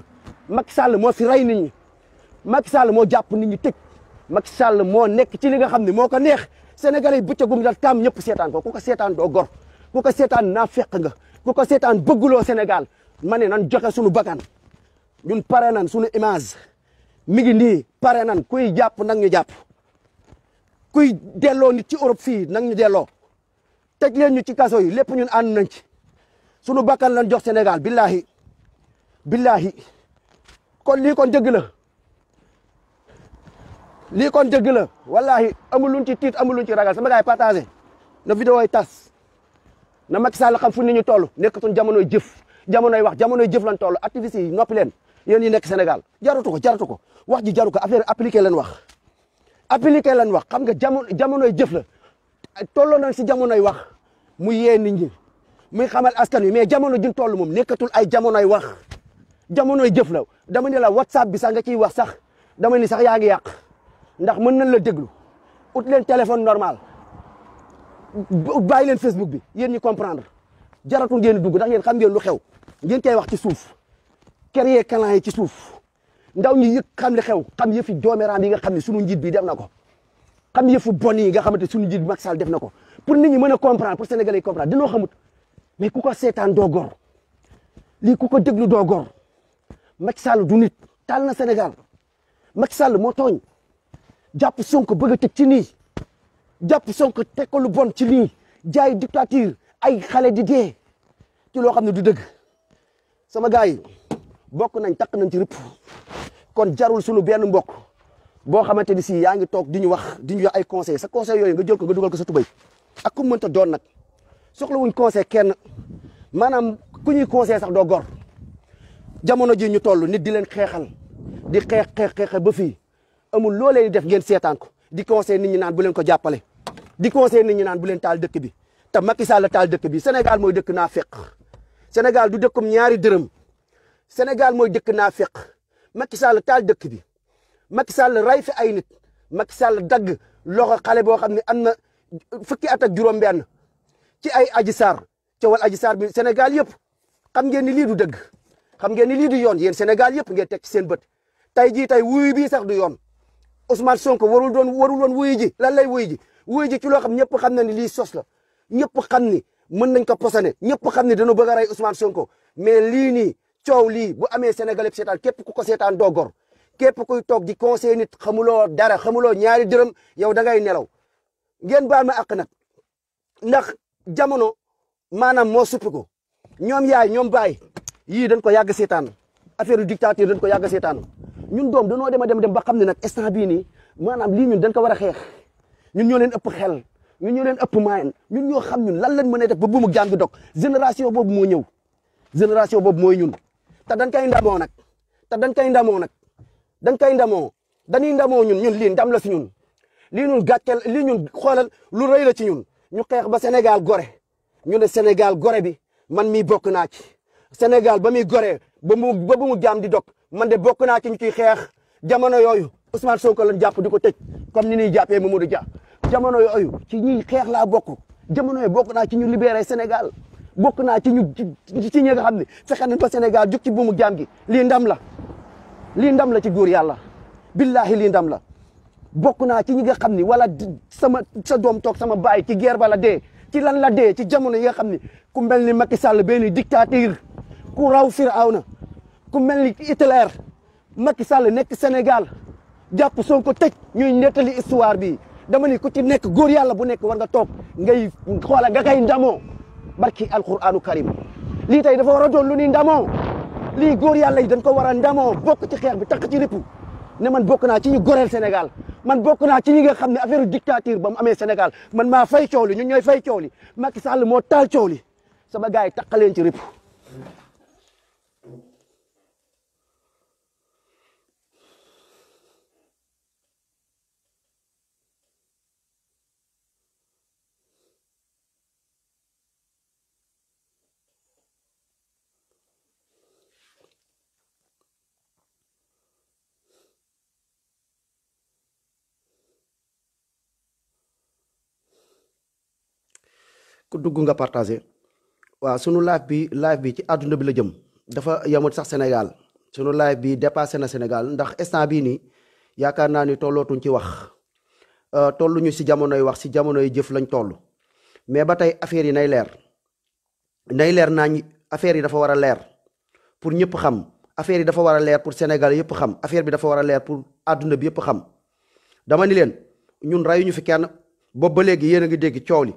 Macky Sall moo fi rey nit ñi Macky Sall moo jàpp nit ñi tëj Macky Sall moo nekk ci li nga xam ne moo ko neex Sénégalais yi bëccëgum dal taam ñëpp seetaan ko ku ko seetaan doo gor ku ko seetaan naafeq nga ku ko seetaan bëgguloo Sénégal ma ne nan joxe sunu bakkan ñun pare nan sunu image mi ngi nii pare nan kuy jàpp nag ñu jàpp kuy delloo nit ci Europe fii nag ñu delloo tëj leen ñu ci kaso yi lépp ñun ànd nañ ci sunu bakkan lan jox Sénégal billahi billahi kon lii kon dëgg la lii kon dëgg la wallahi amul luñ ci tiit amul ci ragal sama gars yi na vidéo yi tas na Macky Sall xam fu nit ñu toll nekkatuñ jamonoy jëf jamonoy wax jamonoy jëf lañ toll activistes yi noppi leen yéen ñi nekk senegal jaratu ko jaratu ko wax ji jaru ko affaire appliqué leen wax. appliqué leen wax xam nga jamono jamonoy jëf la tolloo nañ si jamonoy wax mu yee nit ñi muy xamal askan wi mais jamono juñ toll moom nekkatul ay jamonoy wax jamonoy jëf la dama ne la WhatsApp bi sax nga ciy wax sax dama ni sax yaa ngi yàq ndax mën nañ la déglu ut leen téléphone normal. bàyyi leen Facebook bi yéen ñu comprendre jaratu ngeen dugg ndax yéen xam ngeen lu xew ngeen koy wax ci suuf yee clan yi ci suuf ndaw ñi yëg xam li xew xam yëfi doomeraam yi nga xam ne sunu njiit bi def na ko xam yëfu bon yi nga xamante sunu njiit bi Macky def na ko pour ni ñi mën a comprendre pour sénégalais yi comprendre dañoo xamut mais ku ko seetaan doo gor lii ku ko déglu doo gor Macky Sall taal na Sénégal Macky Sall moo tooñ jàpp Sonko bëgg a teg ci nii jàpp Sonko teg lu bon ci lii jaay dictature ay xale di dee ci loo xam ne du dëgg sama gars yi bokk nañ takk nañ ci rëpp kon jarul sunu benn mbokk boo xamante ni si yaa ngi toog di ñu wax di ñu wax ay conseil sa conseil yooyu nga jël ko nga dugal ko sa tubay ak ku mënta doon nag soxla wuñ conseil kenn maanaam ku ñuy conseil sax doo gor jamono ji ñu toll nit di leen xeexal di xeex ba fii amul loole leen def ngeen seetaan di conseil ni ñi naan bu leen ko jàppale di conseil ni ñi naan bu leen taal dëkk bi te makki Sall la taal dëkk bi Sénégal mooy dëkk naa feq Sénégal du dëkkum ñaari dërëm Sénégal mooy dëkk naa feq Macky Sall taal dëkk bi Macky Sall rey fi ay nit Macky Sall dagg loxo xale boo xam ne am na fukki at ak juróom-benn ci ay aji saar coowal aji saar bi Sénégal yëpp xam ngeen ni lii du dëgg xam ngeen ni lii du yoon yéen Sénégal yëpp ngeen teg ci seen bët tey jii tey wuyu bii sax du yoon. Ousmane Sonko warul doon warul doon wuyu ji lan lay wuyu ji wuyu ji ci loo xam ñëpp xam na ni lii sos la ñëpp xam ni mën nañ ko posone ñëpp xam ni dañoo bëgg a rey Ousmane Sonko mais lii nii coow lii bu amee Sénégal yëpp seetaan képp ku ko seetaan doo gor képp kuy toog di conseil nit xamuloo dara xamuloo ñaari dërëm yow da ngay nelaw ngeen baal ma àq nag ndax jamono maanaam moo suppi ko ñoom yaay ñoom baay yii dañ ko yàgg seetaan affaire dictature dañ ko yàgg seetaan ñun doom danoo dem a dem ba xam ne nag instant bii nii maanaam lii ñun dañ ko war a xeex ñun ñoo leen ëpp xel ñun ñoo leen ëpp moyen ñun ñoo xam ñun lan lañ mën a def ba bu mu jàng dog génération boobu moo ñëw génération boobu mooy ñun te dañ koy ndamoo nag te dañ koy ndamoo nag dañ koy ndamoo dañuy ndamoo ñun ñun lii dam la si ñun lii ñun gàcceel lii ñun xoolal lu rëy la ci ñun ñu xeex ba Sénégal gore ñu ne Sénégal gore bi man mii bokk naa ci Sénégal ba muy gore ba mu ba mu jaam di dog man de bokk naa ci ñu ciy xeex jamono yooyu Ousmane Sonko la jàpp di ko tëj comme ni ñuy jàppee Mamadou Dia jamono yooyu ci ñuy xeex laa bokk jamono yooyu bokk naa ci ñu libéré Sénégal bokk naa ci ñu ci ñi nga xam ne fexe nañ ba Sénégal jug ci buumu jaam gi lii ndam la lii ndam la ci góor yàlla billahi lii ndam la bokk naa ci ñi nga xam ni wala sama sa doom toog sama baay ci guerre ba la dee ci lan la dee ci jamono yi nga xam ni ku mel ni Macky Sall benn dictateur ku raw Firawna ku mel ni Hitler makki Sall nekk senegal jàpp Sonko tëj ñuy nettali histoire bi dama ni ku ci nekk góor yàlla bu nekk war nga toog ngay xoola nga kay ndamoo barki alquranu karim lii tey dafa war a doon lu ni ndamoo lii góor yàlla yi dañ ko war a ndamoo bokk ci xeex bi takk ci lépp ne man bokk naa ci ni goreel Sénégal man bokk naa ci ñi nga xam ne affaire dictature ba mu amee Sénégal man maa fay coow li ñun ñooy fay coow li Macky Sall moo taal coow li sama gars yi takk leen ci lépp ku dugg nga partagé waaw sunu live bi live bi ci àdduna bi la jëm dafa yemut sax Sénégal sunu live bi dépassé na Sénégal ndax instant bii nii yaakaar naa ni tollootuñ ci wax euh, tolluñu si jamonoy wax si jamonoy jëf lañ toll mais ba tey affaire yi nay leer nay leer naañ affaire yi dafa war a leer pour ñëpp xam affaire yi dafa war a leer pour Sénégal yëpp xam affaire bi dafa war a leer pour àdduna bi yëpp xam dama ni leen ñun rayuñu fi kenn boobu ba léegi yéen a ngi dégg coow li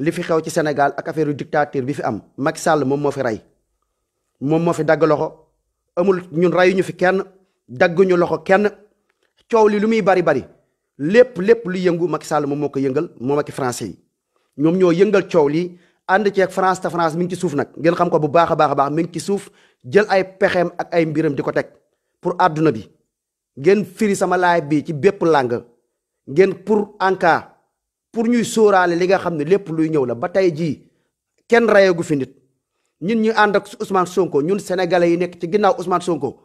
li fi xew ci senegal ak affaire dictature bi fi am Macky Sall moom moo fi rey moom moo fi dagg loxo amul ñun reyuñu fi kenn dagguñu loxo kenn coow li lu muy bari bari lépp lépp lu yëngu Macky Sall moom moo ko yëngal moom ak france yi ñoom ñoo yëngal coow li ànd ceeg France te France mi ngi ci suuf nag ngeen xam ko bu baax a baax a baax ngi ci suuf jël ay pexeem ak ay mbiram di ko teg pour àdduna bi ngeen firi sama laay bi ci bépp làng ngeen pour ANCAR pour ñuy sóoraale li nga xam ne lépp luy ñëw la ba tey jii kenn rayeegu fi nit ñun ñu ànd ak Ousmane Sonko ñun sénégalais yi nekk ci ginnaaw Ousmane Sonko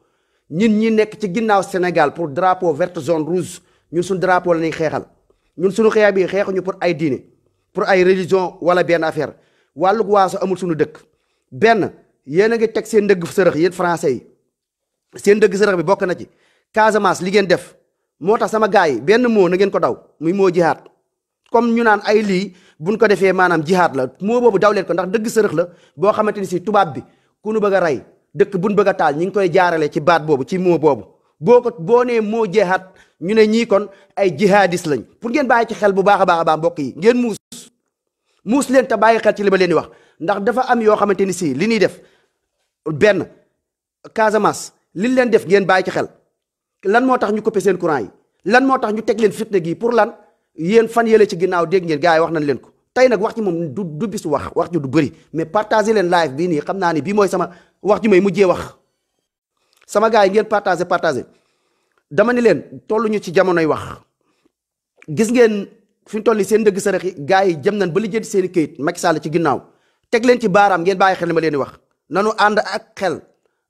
ñun ñi nekk ci ginnaaw Sénégal pour drapo verte zone rouge ñun suñ drapo la ñuy xeexal ñun suñu xeex bi xeexuñu pour ay diine pour ay religion wala benn affaire wàllug waaso amul suñu dëkk benn yéen a ngi teg seen ndëgg sërëx yéen français yi seen ndëgg sërëx bi bokk na ci Casamance li ngeen def moo tax sama gars yi benn moo na ngeen ko daw muy moo jihaat comme ñu naan ay lii buñ ko defee maanaam jihaad la moo boobu daw leen ko ndax dëgg sërëx la boo xamante ni si tubaab bi ku nu bëgg rey dëkk buñ bëgg a taal ñi ngi koy jaarale ci baat boobu ci moo boobu boo boo nee moo jihaad ñu ne ñii kon ay jihadis lañ pour ngeen bàyyi ci xel bu baax a baax a baax mbokk yi ngeen muus muus leen te bàyyi xel ci li ba leen di wax ndax dafa am yoo xamante ni sii li ñuy def benn Casamance liñ leen def ngeen bàyyi ci xel lan moo tax ñu coupé seen courant yi lan moo tax ñu teg leen fitna gi pour lan yéen fan yele ci ginnaaw dégg ngeen gaa yi wax nañ leen ko tey nag wax ci moom du du bis wax wax ci du bëri mais partagé leen live bii nii xam naa ni bii mooy sama wax ci may mujjee wax sama gaa yi ngeen partagé partage dama ni leen tolluñu ci jamonoy wax gis ngeen fi mu toll seen ndëgg sërëx yi gars yi jëm nañ ba li jënd seen i këyit Macky Sall ci ginnaaw teg leen ci baaraam ngeen bàyyi xel li ma leen wax nanu ànd ak xel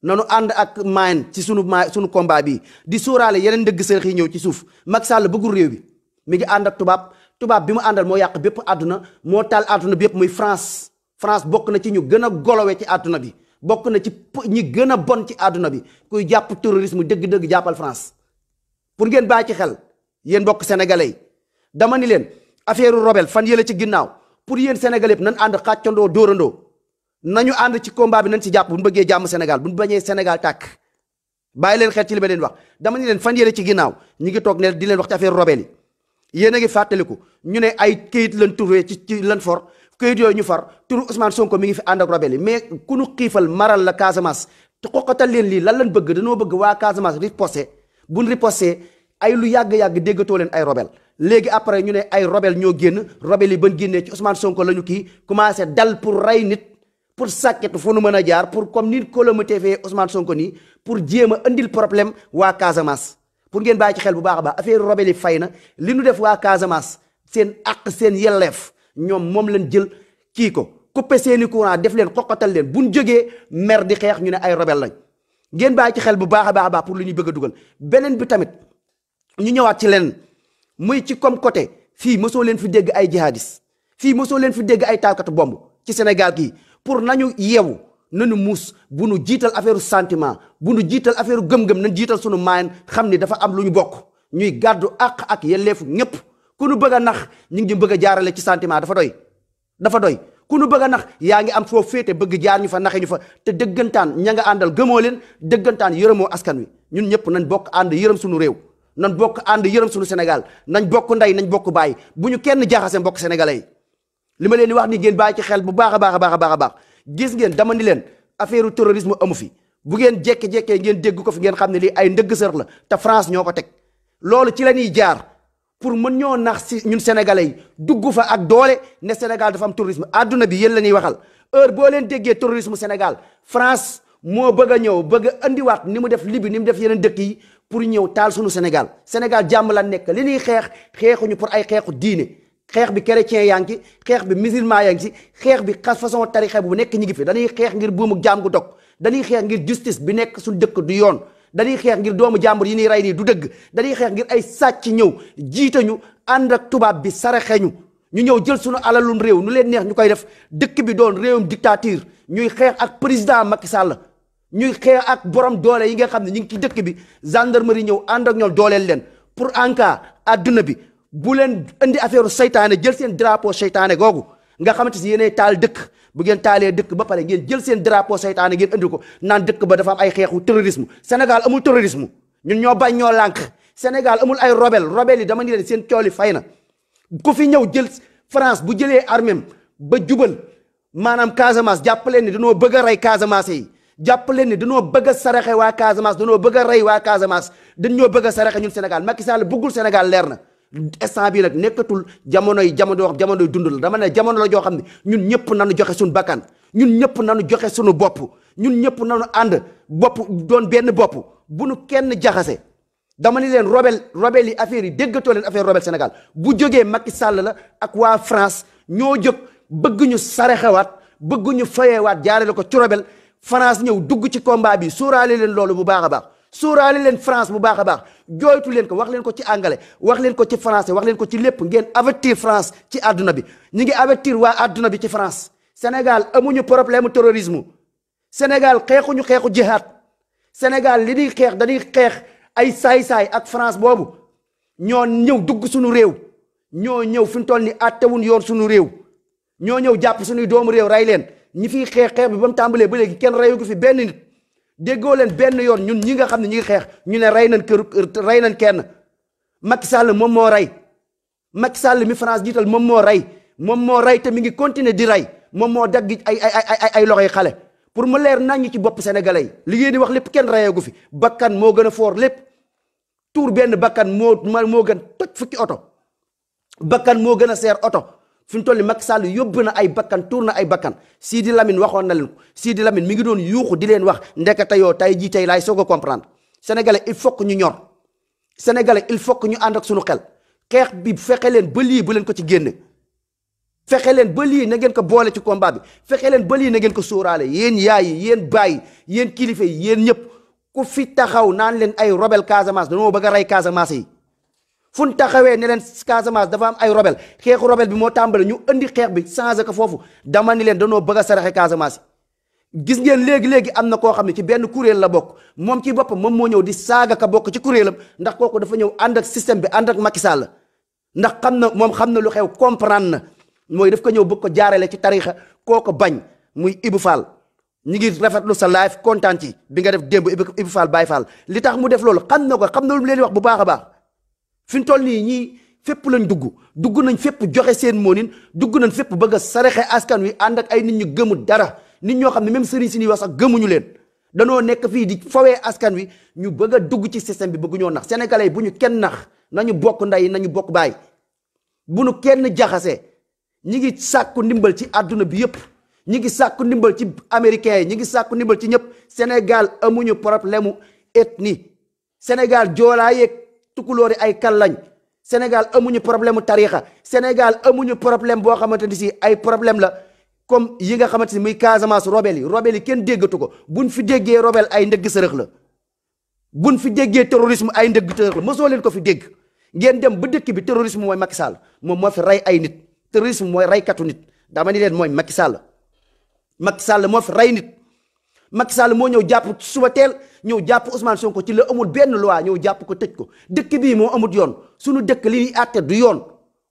nanu ànd ak maan ci sunu ma sunu combat bii di sóoraale yeneen ndëgg sërëx yi ñëw ci suuf Macky Sall bëggul réew bi mi ngi ànd ak tubaab tubaab bi mu àndal moo yàq bépp àdduna moo taal àdduna bi yëpp muy France France bokk na ci ñu gën a golowe ci àdduna bi bokk na ci ñi gën a bon ci àdduna bi kuy jàpp terrorisme dëgg-dëgg jàppal France pour ngeen bàyyi ci xel yéen bokk sénégalais yi dama ni leen affaire rebelle fan yële ci ginnaaw pour yéen sénégalais yëpp nan ànd xàccandoo na ñu ànd ci combat bi nañ ci jàpp bu ñu bëggee jàmm Sénégal bu ñu bañee Sénégal tàkk bàyyi leen xel ci li ma leen wax leen fan yële ci ginnaaw ñi ngi toog di leen wax ci affaire rebelle yéen a ngi fàttaliku ñu ne ay kayit lan trouvé ci ci lan for kayit yooyu ñu far tur Ousmane Sonko mi ngi fi ànd ak rebelle yi mais ku nu maral la Casamance te xoqatal leen lii lan lan bëgg dañoo bëgg waa Casamance riposté buñ riposté ay lu yàgg-yàgg déggatoo leen ay rebelle léegi après ñu ne ay rebelle ñoo génn rebelle yi ban génnee ci Ousmane Sonko la ñu kii commencé dal pour rey nit pour sàkket fu nu mën a jaar pour comme nit kolomatee fee Ousmane Sonko nii pour jéem a andil problème waa Casamance pour ngeen bàyyi ci xel bu baax a baax affaire robeli fay na li nu def waa Casamance seen àq seen yelleef ñoom moom lañ jël kii ko coupé seeni courant def leen xoqatal leen buñ jógee mer di xeex ñu ne ay robel lañ ngeen bàyyi ci xel bu baax a baax baax pour li ñuy bëgg dugal beneen bi tamit ñu ñëwaat ci leen muy ci comme côté fii mosoo leen fi dégg ay jihadis fii mosoo leen fi dégg ay taakatu bomb ci Sénégal gii pour nañu yeewu nanu muus bu nu jiital affaire sentiment bu nu jiital affaire gëm-gëm nañ jiital sunu maayen xam ni dafa am lu ñu bokk ñuy gàddu àq ak yelleefu ñëpp ku nu bëgg a nax ñu ngi bëgg a jaarale ci santiment dafa doy dafa doy ku nu bëgg a nax yaa ngi am foo féete bëgg jaar ñu fa naxe ñu fa te dëggantaan ña nga àndal gëmoo leen dëggantaan yërëmoo askan wi ñun ñëpp nañ bokk ànd yërëm sunu réew nan bokk ànd yërëm sunu Sénégal nañ bokk ndey nañ bokk baay bu ñu kenn jaaxase mbokk sénégalais li ma leen di wax ni ngeen bàyyi ci xel bu baax a baax a baax a baax gis ngeen dama ni leen affaire terrorisme amu fi bu ngeen jékki ngeen dégg ko fi ngeen xam ne lii ay ndëgg sër la te France ñoo ko teg loolu ci la ñuy jaar pour mën ñoo nax si ñun sénégalais yi dugg fa ak doole ne Sénégal dafam am terrorisme àdduna bi yéen la ñuy waxal heure boo leen déggee terrorisme Sénégal France moo bëgg a ñëw bëgg a andiwaat ni mu def Libye ni mu def yeneen dëkk yi pour ñëw taal sunu Sénégal Sénégal jàmm la nekk li ñuy xeex xeexuñu pour ay xeexu diine. xeex bi chrétien yaa ngi xeex bi musulman yaa ngi ci xeex bi xas façon tarixa bu nekk ñu ngi fi dañuy xeex ngir buumu jaam dañuy xeex ngir justice bi nekk suñ dëkk du yoon dañuy xeex ngir doomu jàmbur yi ñuy rey nii du dëgg dañuy xeex ngir ay sàcc ñëw ñu ànd ak tubaab bi saraxeñu ñu ñëw jël suñu alalum réew ñu leen neex ñu koy def dëkk bi doon réewum dictature ñuy xeex ak président Macky Sall ñuy xeex ak borom doole yi nga xam ne ñu ngi ci dëkk bi gendarmerie ñëw ànd ak ñoom dooleel leen pour en adduna bi bu leen indi affaire seytaane jël seen drapo seytaane googu nga xamante si yéenay taal dëkk bu ngeen taalee dëkk ba pare ngeen jël seen drapeau seytaane ngeen indi ko naan dëkk ba dafam am ay xeexu terrorisme Sénégal amul terrorisme ñun ñoo bañ ñoo lànk Sénégal amul ay robel robel yi dama ni leen seen cool yi fay na ku fi ñëw jël France bu jëlee armem ba jubal maanaam Casamance jàpp leen ni dañoo bëgg a rey Casamance yi jàpp leen ni dañoo bëgg a saraxe waa Casamance dañoo bëgg a rey waa Casamance dañoo bëgg a saraxe ñun Sénégal Macky Sall bëggul Sénégal leer na instant bii nag nekkatul jamonoy jamono yoo xam jamonoy dund la dama ne jamono la joo xam ne ñun ñëpp nañu joxe suñu bakkan ñun ñëpp nañu joxe suñu bopp ñun ñëpp nañu ànd bopp doon benn bopp bu nu kenn jaxase dama ni leen robel robel yi affaire yi déggatoo leen affaire robel Sénégal bu jógee Macky sàll la ak waa France ñoo jóg bëgguñu ñu sarexewaat bëgguñu ñu fayewaat jaare la ko ci robel France ñëw dugg ci combat bi sóoraale leen loolu bu baax a baax suuraale leen France bu baax a baax jooytu leen ko wax leen ko ci anglais wax leen ko ci français wax leen ko ci lépp ngeen avertir France ci àdduna bi ñu ngi avertir waa àdduna bi ci France Sénégal amuñu problème terrorisme Sénégal xeexuñu xeexu jihad Sénégal li di xeex dañuy xeex ay saay-saay ak France boobu ñoo ñëw dugg suñu réew ñoo ñëw fi mu toll ni àttewuñ yoon suñu réew ñoo ñëw jàpp suñuy doomu réew rey leen ñi fiy xeex xeex bi ba mu ba léegi kenn reyu ko fi benn nit déggoo leen benn yoon ñun ñi nga xam ne ñi ngi xeex ñu ne rey nañ kër rey nañ kenn Macky Sall moom moo rey Macky Sall mi France jiital moom moo rey moom moo rey te mi ngi continuer di rey moom moo dagg ay ay loxoy xale pour mu leer nañu ci bopp sénégalais yi li ngeen di wax lépp kenn reyeegu fi bakkan moo gën a foor lépp tuur benn bakkan moo moo gën toj fukki oto bakkan moo gën a seer oto fi mu toll nii Macky Sall yóbbu na ay bakkan tuur na ay bakkan Sidi Lamine waxoon na leen ko Sidi Lamine mi ngi doon yuuxu di leen wax ndekete yoo tay jii tey laay soog a comprendre sénégalais il faut ñu ñor sénégalais il faut ñu ànd ak suñu xel xeex bi fexe leen ba lii bu leen ko ci génne. fexe leen ba lii na ngeen ko boole ci combat bi fexe leen ba lii na ngeen ko sóoraale yéen yaay yi yéen baay yi yéen kilifa yi yéen ñëpp ku fi taxaw naan leen ay robel Casamance dañoo bëgg a rey yi. fun taxawee ne leen Casamance dafa am ay robel xeexu robel bi moo tàmbale ñu indi xeex bi changé ko foofu dama ni leen danoo bëgg a saraxe Casamance gis ngeen léegi-léegi am na koo xam ne ci benn kuréel la bokk moom ci boppa moom moo ñëw di saaga ka bokk ci kuréelam ndax kooku dafa ñëw ànd ak système bi ànd ak Macky Sall ndax xam na moom xam na lu xew comprend na mooy def ko ñëw bëgg ko jaarale ci tarixa kooko bañ muy Ibou Fall ñu ngi rafetlu sa live kontaan ci bi nga def démb Ibou Fall Baye Fall li tax mu def loolu xam na ko xam na lu mu leen wax bu baax a baax fi mu toll nii ñii fépp lañ dugg dugg nañ fépp joxe seen moo moonin dugg nañ fépp bëgg a saraxe askan wi ànd ak ay nit ñu gëmul dara nit ñoo xam ne même sëriñ si ñuy wax sax gëmuñu leen danoo nekk fii di fawee askan wi ñu bëgg dugg ci système bi bëgg ñoo nax sénégalais bu ñu kenn nax nañu bokk nday nañu bokk baay bu ñu kenn jaxase ñi ngi sàkku ndimbal ci àdduna bi yëpp ñi ngi sàkku ndimbal ci américains yi ñi ngi sàkku ndimbal ci ñëpp Sénégal amuñu problème mu Sénégal joolaa yeeg tukulóori ay kan lañ Sénégal amuñu problème mu tariixa Sénégal amuñu problème boo xamante ni si ay problème la comme yi nga xamante ni muy Casamance robel yi robel yi kenn déggatu ko buñ fi déggee robel ay ndëgg sërëx la buñ fi déggee terrorisme ay ndëgg sërëx la mosoo ko fi dégg ngeen dem ba dëkk bi terrorisme mooy Macky Sall moom moo fi ray ay nit terrorisme mooy reykatu nit dama ni leen mooy Macky Sall Macky Sall moo fi rey nit Macky Sall moo ñëw jàpp suba ñëw jàpp Ousmane Sonko ci la amul benn luwaa ñëw jàpp ko tëj ko dëkk bii moo amut yoon suñu dëkk li àtte du yoon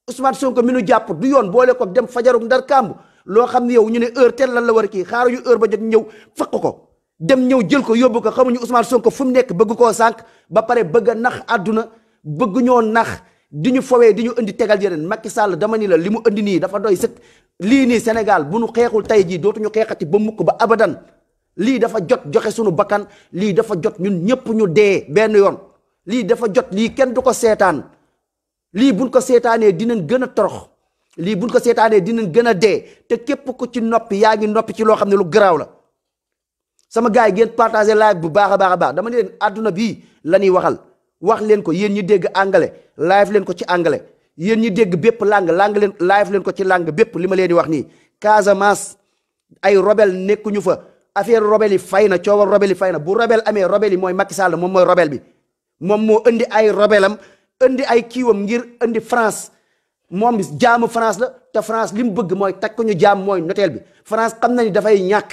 Ousmane Sonko mi nu jàpp du yoon boole ko dem fajaru ndar kàmb loo xam ne yow ñu ne heure ten lan la war a kii yu heure ba jot ñëw fekk ko dem ñëw jël ko yóbbu ko xamuñu Ousmane Sonko fu mu nekk bëgg koo sànq ba pare bëgg a nax àdduna bëgg ñoo nax di ñu fowee di ñu indi tegal yeneen Macky Sall dama ni la li mu indi nii dafa doy sëkk lii nii Sénégal bu nu xeexul tey jii dootuñu xeexati ba mukk ba abadan lii dafa jot joxe sunu bakkan lii dafa jot ñun ñëpp ñu dee benn yoon lii dafa jot lii kenn du ko seetaan lii buñ ko seetaanee dinañ gën a torox lii buñ ko seetaanee dina gën a dee te képp ko ci noppi yaa ngi noppi ci loo xam ne lu garaaw la sama gars yi ngeen partagé bu baax a baax a baax dama ne leen àdduna bii la ñuy waxal wax leen ko yéen ñi dégg anglais live leen ko ci anglais yéen ñi dégg bépp lang lang leen live leen ko ci langue bépp li ma leen di wax nii Casamance ay rebelle nekkuñu fa. affaire robel yi fay na coowal robel yi fay na bu robel amee robel yi mooy Macky moom mooy robel moom moo indi ay robelam indi ay kiiwam ngir indi France moom jaamu France la te France li mu bëgg mooy takk ñu jaam mooy noteel bi France xam na dafay ñàkk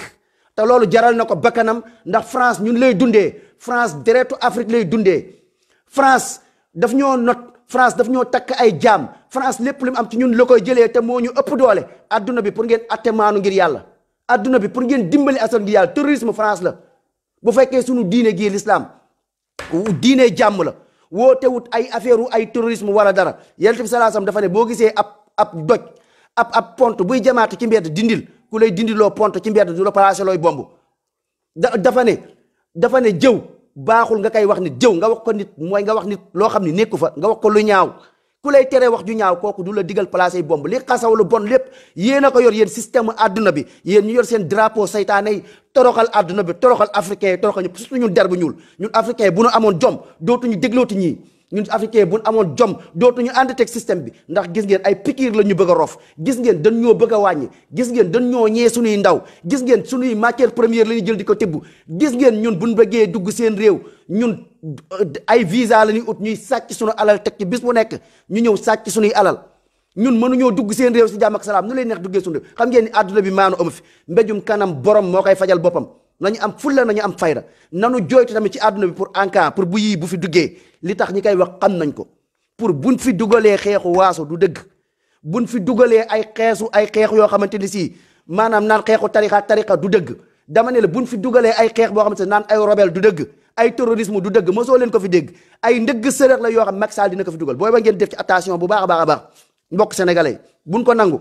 te loolu jaral na ko bakkanam ndax France ñun lay dundee France deretu Afrique lay dundee France daf ñoo not France daf ñoo takk ay jaam France lépp lu mu am ci ñun la koy jëlee te moo ñu ëpp doole adduna bi pour ngeen atte maanu ngir yàlla adduna bi pour ngeen dimbali askan gi yàlla terrorisme France la bu fekkee sunu diine gii l'islam diine jàmm la woote wut ay affaire wu ay war a dara yonent bi salaasam dafa ne boo gisee ab ab doj ab ab pont buy jamaate ci mbedd dindil ku lay dindiloo pont ci mbedd du la placé looy bomb dafa ne dafa ne jëw baaxul nga kay wax nit jëw nga wax ko nit mooy nga wax nit loo xam ni nekku fa nga wax ko lu ñaaw ku lay teree wax ju ñaaw kooku du la digal placé bomb li xasaw lu bon lépp yéen ko yor yéen système àdduna bi yéen ñu yor seen drapeau seytaane yi toroxal àdduna bi toroxal africain yi toroxal ñëpp ñun der bu ñuul ñun africain yi bu nu amoon jom dootuñu déglootu ñii ñun africain bu ñu amoon jom dootuñu ànd teg système bi ndax gis ngeen ay pikiir la ñu bëgg a gis ngeen dañ ñoo bëgg a wàññi gis ngeen dañ ñoo ñee suñuy ndaw gis ngeen suñuy matière première la jël di ko tibb gis ngeen ñun bu buñ bëggee dugg seen réew ñun euh, ay visa la ñuy ut ñuy sàcc sunu alal teg ci bis bu nekk ñu ñëw sàcc suñuy alal ñun mënuñoo dugg seen réew si jàmm ak salaam nu lay neex duggee suñu réew xam ngeen ni àdduna bi maanu amu fi mbéjum kanam borom moo koy fajal boppam nañu am fulla nañu am fayda nanu jooytu tamit ci àdduna bi pour ANCAR pour bu yii bu fi duggee li tax ñi koy wax xam nañ ko pour buñ fi dugalee xeexu waaso du dëgg buñ fi dugalee ay xeesu ay xeex yoo xamante ni si maanaam naan xeexu tarixa tarixa du dëgg dama ne la buñ fi dugalee ay xeex boo xam ne naan ay rebelle du dëgg ay terrorisme du dëgg mosoo leen ko fi dégg ay ndëgg sërëx la yoo xam Macky Sall dina ko fi dugal booy ba ngeen def ci attention bu baax a baax a baax mbokk sénégalais buñ ko nangu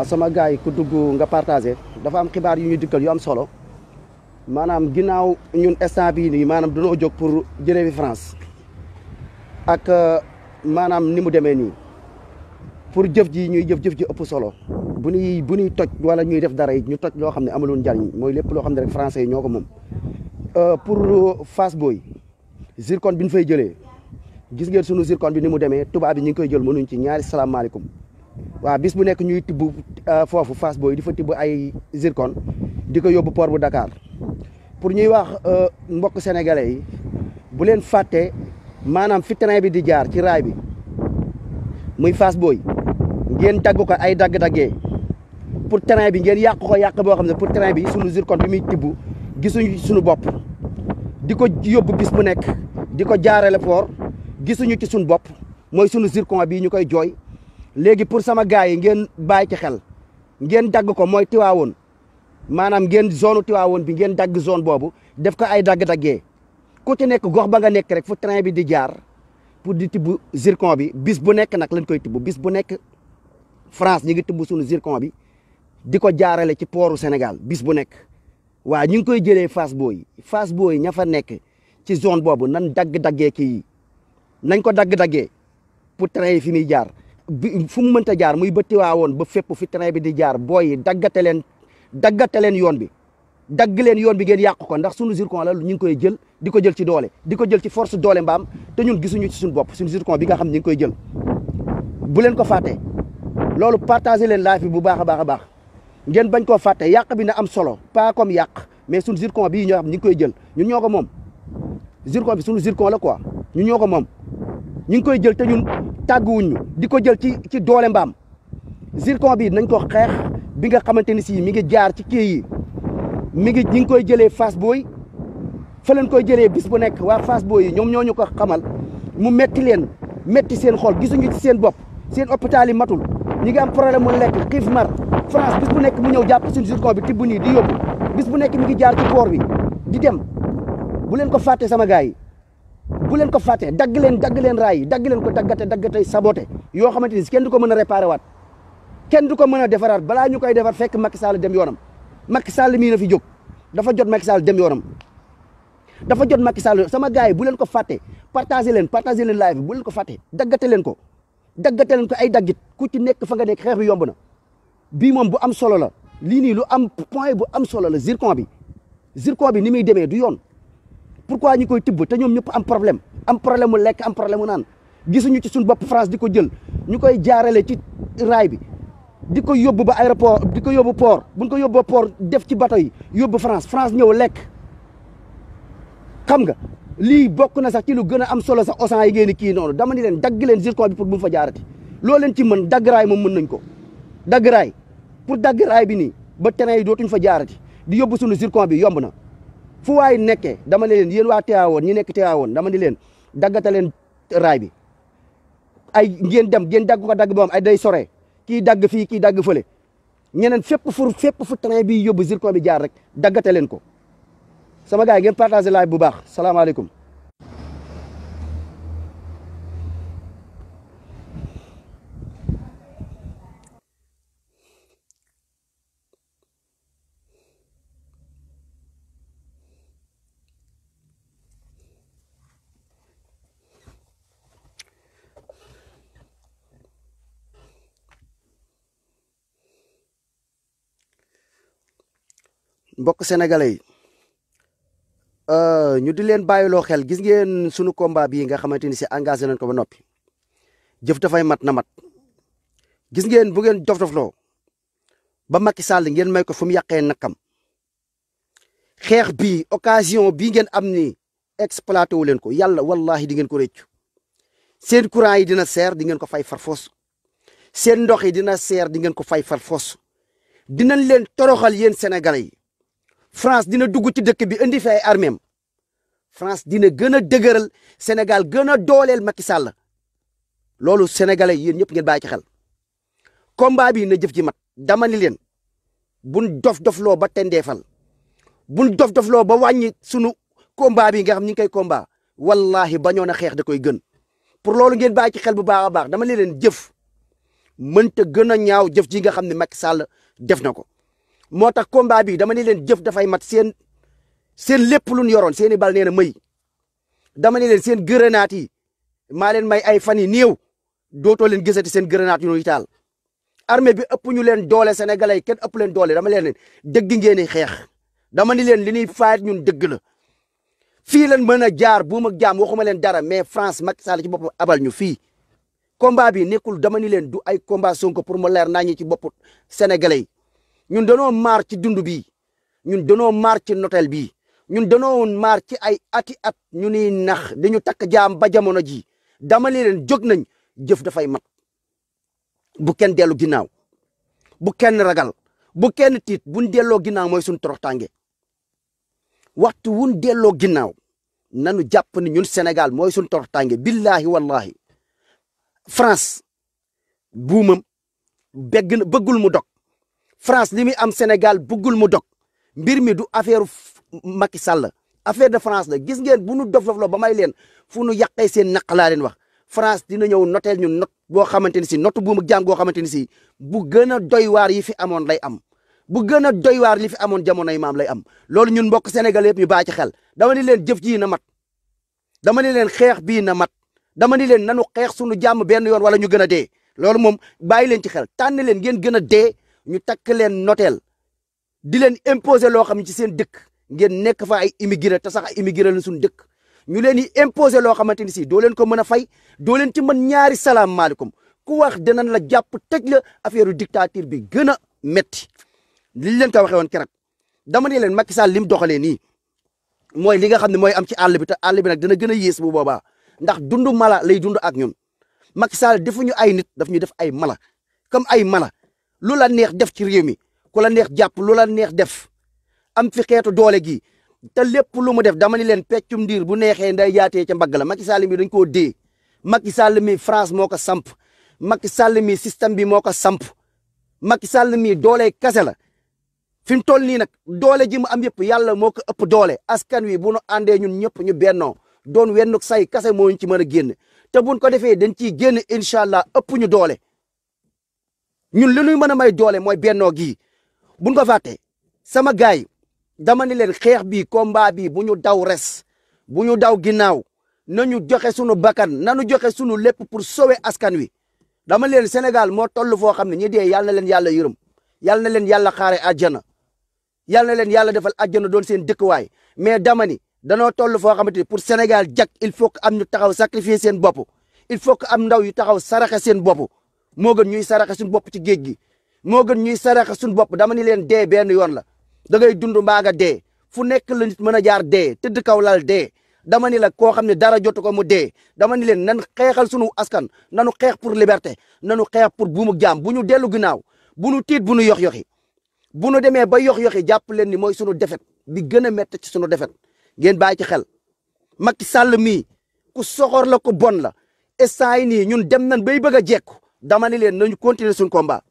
waaw sama gars yi ku dugg nga partagé dafa am xibaar yu ñuy dikkal yu am solo maanaam ginnaaw ñun instant bii nii maanaam dañoo jog pour jëlee fi France ak euh, maanaam ni mu demee nii pour jëf ji ñuy jëf jëf ji ëpp solo bu nuy bu ñuy toj wala ñuy def dara yi ñu toj loo xam ne amaloon njariñ mooy lépp loo xam ne rek français yi ñoo ko moom. Euh, pour euh, Fass Boye zircon bi ñu fay jëlee gis ngeen sunu zircon bi ni mu demee tubaab bi ñu ngi koy jël mënuñ ci ñaari salaamaaleykum. waaw bis bu nekk ñuy tibb euh, foofu Fass Boye di fa tibb ay zircon di ko yóbbu poor bu dakaar pour ñuy wax euh, mbokk sénégalais yi bu leen fàtte maanaam fi train bi di jaar ci raay bi muy Fass booy ngeen dagg ko ay dagg-daggee pour train bi ngeen yàq ko yàq boo xam ne pour train bi sunu zircon bi muy tibb gisuñu suñu bopp di ko yóbbu bis bu nekk di ko jaarale port gisuñu ci suñu bopp mooy sunu zircon bii ñu koy jooy léegi pour sama gars yi ngeen bàyyi ci xel ngeen dagg ko mooy tiwaawoon maanaam ngeen zone tiwaawoon bi ngeen dagg zone boobu def ko ay dagg-daggee ku ci nekk gox ba nga nekk rek fu train bi di jaar pour di tibb zircon bi bis bu nekk nag lañ koy tibb bis bu nekk France ñi ngi tibb suñu zircon bi di ko jaarale ci pooru Sénégal bis bu nekk waaw ñu ngi koy jëlee Fass Boye Fass Boye ña fa nekk ci zone boobu nan dagg-daggee kii yi nañ ko dagg-daggee pour train yi fi muy jaar bi fu mu mënta jaar muy ba tiwaawoon ba fépp fi train bi di jaar booy yi daggate leen daggate leen yoon bi dagg leen yoon bi ngeen yàq ko ndax sunu zircon la ñu ngi koy jël di ko jël ci doole di ko jël ci force doole mbaam te ñun gisuñu ci suñu bopp suñu zircon bi nga xam ne ngi koy jël bu leen ko fàttee loolu partagé leen live bi bu baax a baax a baax ngeen bañ koo fàtte yàq bi na am solo pas comme yàq mais suñu zircon bii ñoo xam ñu ngi koy jël ñun ñoo ko moom zircon bi suñu zircon la quoi ñu ñoo ko moom ñu ngi koy jël te ñun tàgguwuñ di ko jël ci ci doole mbaam zircon bi nañ ko xeex bi nga xamante ni si mi ngi jaar ci kii yi mi ngi ñi ngi koy jëlee Fass Boye fa leen koy jëlee bis bu nekk waa faas booyi ñoom ñoo ñu ko xamal mu metti leen metti seen xol gisuñu ci seen bopp seen hôpital yi matul ñi ngi am problème mu lekk xiif mar France bis nekk mu ñëw jàpp suñu zircon bi tibb nii di yóbbu bis bu nekk mi ngi jaar ci port bi di dem. bu leen ko fàtte sama gars yi bu leen ko fàtte dagg leen dagg leen raay yi dagg ko daggate daggate saboté yoo xamante ni kenn du ko mën a réparé waat kenn du ko mën a defaraat balaa ñu koy defar fekk Macky Sall dem yoonam Macky Sall mii na fi jog dafa jot Macky Sall dem yoonam dafa jot Macky Sall sama gars yi bu leen ko fàtte partagé leen partagé leen live bi bu leen ko fàtte daggate leen ko daggate leen ko ay daggit ku ci nekk fa nga nekk xeex yomb na bii moom bu am solo la lii nii lu am bu am solo la zircon bi zircon bi ni muy demee du yoon pourquoi ñi koy tibb te ñoom ñëpp am problème am problème mu lekk am problème mu naan gisuñu ci suñu bopp France di ko jël ñu koy jaarale ci raay bi di ko yóbbu ba aéroport di ko yóbbu port buñ ko yóbbu poor def ci bateau yi yóbbu France France ñëw lekk xam nga lii bokk na sax ci lu gën a am solo sax osan yi ngeen di kii noonu dama ni leen dagg leen zircon bi pour bu mu fa jaarati loo leen ci mën dagg raay moom mën nañ ko dagg raay pour dagg raay bi nii ba terrain yi dootuñ fa jaarati di yóbbu suñu zircon bi yomb na fu waay nekkee dama ne leen yéen waa Tivaouane ñi nekk Tivaouane dama ne leen daggata leen raay bi ay ngeen dem ngeen dagg ko dagg ba ay day sore kii dagg fii kii dagg fële ñeneen fépp fu fépp fu train bi yóbbu zircon bi jaar rek daggate leen ko sama gars yi ngeen partagé laay bu baax salaamaaleykum mbokk sénégalais yi euh, ñu di leen bàyyiloo xel gis ngeen sunu combat bii nga xamante ni si engagé nañ ko ba noppi jëf dafay mat na mat gis ngeen bu ngeen dof-dofloo ba Macky Sall ngeen may ko fu mu yàqee nakam xeex bi occasion bii ngeen am ni exploité wu leen ko yàlla wallahi di ngeen ko réccu seen courant yi dina seer di ngeen ko fay farfos seen ndox yi dina seer di ngeen ko fay farfos dinañ leen toroxal yéen sénégalais yi France dina dugg ci dëkk bi indi fi ay arméem France dina gën a dëgëral Sénégal gën a dooleel Macky Sall loolu sénégalais yéen ñëpp ngeen bàyyi ci xel combat bi na jëf ji mat dama ni leen buñ dof dofloo ba tendeefal buñ dof dofloo ba wàññi sunu combat bi nga xam ñu ngi koy combat wallahi bañoon a xeex da koy gën pour loolu ngeen bàyyi ci xel bu baax a baax dama ni leen jëf mënta gën a ñaaw jëf ji nga xam ne Macky Sall def na ko. moo tax combat bi dama ne leen jëf dafay mat seen seen lépp lu ñu yoroon seen i bal nee may dama ne leen seen grenade yi maa leen may ay fan yi néew dootoo leen gisati seen grenade yu ñuy taal. bi ëpp ñu leen doole sénégalais yi kenn ëpp leen doole dama leen leen dëgg ngeen di xeex dama ni leen li ñuy faayit ñun dëgg la fii leen mën a jaar buum ak jaam waxuma leen dara mais France Macky Sall ci bopp abal ñu fii. combat bi nekkul dama ni leen du ay combat Sonko pour mu leer naa ñi ci bopp sénégalais yi ñun danoo maar ci dund bi ñun danoo maar ci notel bi ñun danoo maar ay ati at ñu ni nax di ñu takk jaam ba jamono ji dama ne leen jóg nañ jëf dafay mat bu kenn dellu ginnaaw bu kenn ragal bu kenn tiit buñ delloo ginnaaw mooy suñ toroxtaange waxtu wuñ delloo ginnaaw nanu jàpp ni ñun Sénégal mooy suñ toroxtaange billahi wallahi France buumam begg na bëggul mu dog France li muy am Sénégal buggul mu dog mbir mi du affaire Macky Sall affaire de France la gis ngeen bu nu dof-dof ba may leen fu nu yàqee seen naq laa leen wax France dina ñëw noteel ñu not boo xamante ni si notu buum ak jaam goo xamante ni si bu gën a doy waar yi fi amoon lay am bu gën a doy waar li fi amoon jamonoy maam lay am loolu ñun mbokk Sénégal yëpp ñu bàyyi ci xel dama ni leen jëf ji na mat dama ni leen xeex bii na mat dama ni leen na nu xeex sunu jàmm benn yoon wala ñu gën a dee loolu moom bàyyi leen ci xel tànn leen ngeen gën a dee ñu takk leen noteel di leen imposer loo xam ne ci seen dëkk ngeen nekk fa ay immigré te sax ay immigré la suñu dëkk ñu leen di imposer loo xamante ni si doo leen ko mën a fay doo leen ci mën ñaari salaamaaleykum ku wax danañ la jàpp tëj la affaire dictature bi gën a métti liñ leen ko waxee woon keroog dama ne leen Macky Sall li mu doxalee nii mooy li nga xam ne mooy am ci àll bi te àll bi nag dana gën a yées bu boobaa ndax dundu mala lay dund ak ñun Macky Sall defuñu ay nit daf ñu def ay mala comme ay mala lu la neex def ci réew mi ku la neex jàpp lu la neex def am fi xeetu doole gi te lépp lu mu def dama ni leen peccum ndiir bu neexee nday yaatee ca mbagg la Macky Sall mi dañ koo dee Macky Sall mi France moo ko samp Macky Sall mi système bi moo ko samp Macky Sall mi doole kase la fi mu toll nii nag doole ji mu am yëpp yàlla moo ko ëpp doole askan wi bu nu àndee ñun ñëpp ñu bennoo doon wennuk say kase moo ñu ci mën a génn te buñ ko defee dañ ciy génn incha allah ëpp ñu doole. ñun li ñuy mën a may doole mooy bennoo gii buñ ko fàtte sama gars yi dama leen xeex bii combat bii bu ñu daw res bu ñu daw ginnaaw nañu joxe sunu bakkan nu joxe sunu lépp pour sauver askan wi dama leen Sénégal moo toll foo xam ne ñi dee yàlla na leen yàlla yërëm yàlla na leen yàlla xaare àjjana yàlla na leen yàlla defal àjjana doon seen dëkkuwaay mais dama ni danoo toll foo xamante ni pour Sénégal jak il faut que am ñu taxaw sacrifier seen bopp il faut que am ndaw yu taxaw saraxe seen bopp moo gën ñuy saraxe suñu bopp ci géej gi moo gën ñuy saraxe suñu bopp dama ni leen dee benn yoon la da ngay dund mbaa nga dee fu nekk la nit mën a jaar dee tëdd kaw lal dee dama ni la koo xam ne dara jotu ko mu dee dama ni leen nan xeexal sunu askan nanu xeex pour liberté nanu xeex pour buuma jaam bu ñu dellu ginnaaw bu nu tiit bu nu yox yoxi bu nu demee ba yok yoxi jàpp leen ni mooy sunu defet bi gën a métti ci sunu defet ngeen bàyyi ci xel Macky Sall mi ku sokor la ku bon la instant yi nii ñun dem nañ bay bëgg a dama ni leen nañu continuer suñ combat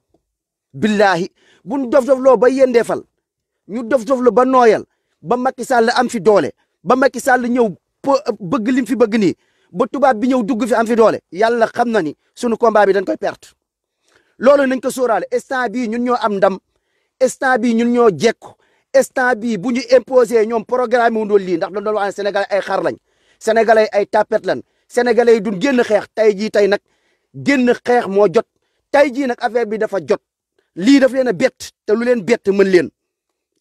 billahi buñ dof dof loo ba yendeefal ñu dof dof la ba nooyal ba makki Sall am fi doole ba makki Sall ñëw bëgg lim fi bëgg nii ba tubaab bi ñëw dugg fi am fi doole yàlla xam na ni sunu combat bi dañ koy perte loolu nañ ko sóoraale instant bii ñun ñoo am ndam instant bii ñun ñoo jekku instant bii bu ñu imposé ñoom programme wu doon lii ndax dañ doon wax ne sénégalais ay xar lañ sénégalais ay tapet lañ sénégalais yi duñ génn xeex tey jii tey nag génn xeex moo jot tay jii nag affaire bi dafa jot lii daf leen a bett te lu leen bett mën leen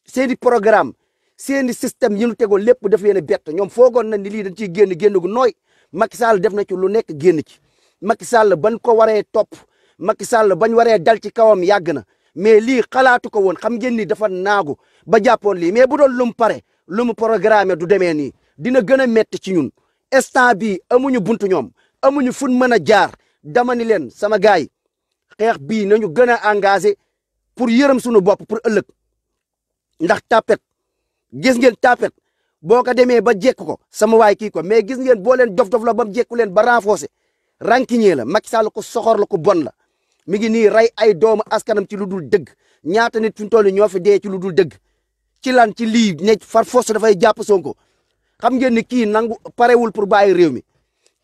seeni programme seeni système yi ñu tegoon lépp daf leen a bett ñoom foogoon nañ ni lii dañ ciy génn génn gu nooy Macky Sall def na ci lu nekk génn ci Macky Sall ban ko waree topp Macky Sall bañ waree dal ci kawam yàgg na mais lii xalaatu ko woon xam ngeen ni dafa naagu ba jàppoon lii mais bu doon lu pare lu mu programme du demee nii dina gën a métti ci ñun instant bii amuñu buntu ñoom amuñu fu mën a jaar. dama ni leen sama gaay yi xeex bii nañu gën a engagé pour yërëm sunu bopp pour ëllëg ndax tapet gis ngeen tapet boo ko demee ba jekk ko sama waay kii ko mais gis ngeen boo leen dof-dof la ba mu jekku leen ba renforcer rankiñee la Macky Sall ko soxor la ko bon la mi ngi nii rey ay doomu askanam ci lu dul dëgg ñaata nit fi mu toll ñoo dee ci lu dul dëgg ci lan ci lii ne far force dafay jàpp Sonko xam ngeen ni kii nangu parewul pour bàyyi réew mi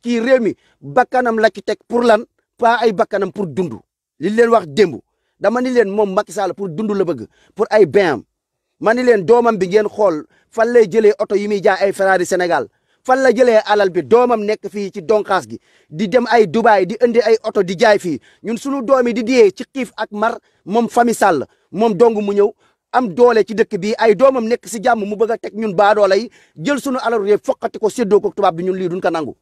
kii réew mi bakkanam la ci teg pour lan pas ay bakkanam pour dundu li leen wax démb dama ni leen moom Macky Sall pour dund la bëgg pour ay bain am ma ni leen doomam bi ngeen xool fan lay jëlee oto yi muy jaay ay Ferrari Sénégal fan la jëlee alal bi doomam nekk fii ci donkaas gi di dem ay Dubaay di indi ay oto di jaay fii ñun sunu doom yi di diyee ci xiif ak mar moom famille Sall moom dong mu ñëw am doole ci dëkk bi ay doomam nekk si jàmm mu bëgg a teg ñun baadoole yi jël sunu alal réew ko séddoo ko tubaab bi ñun lii duñ ko nangu.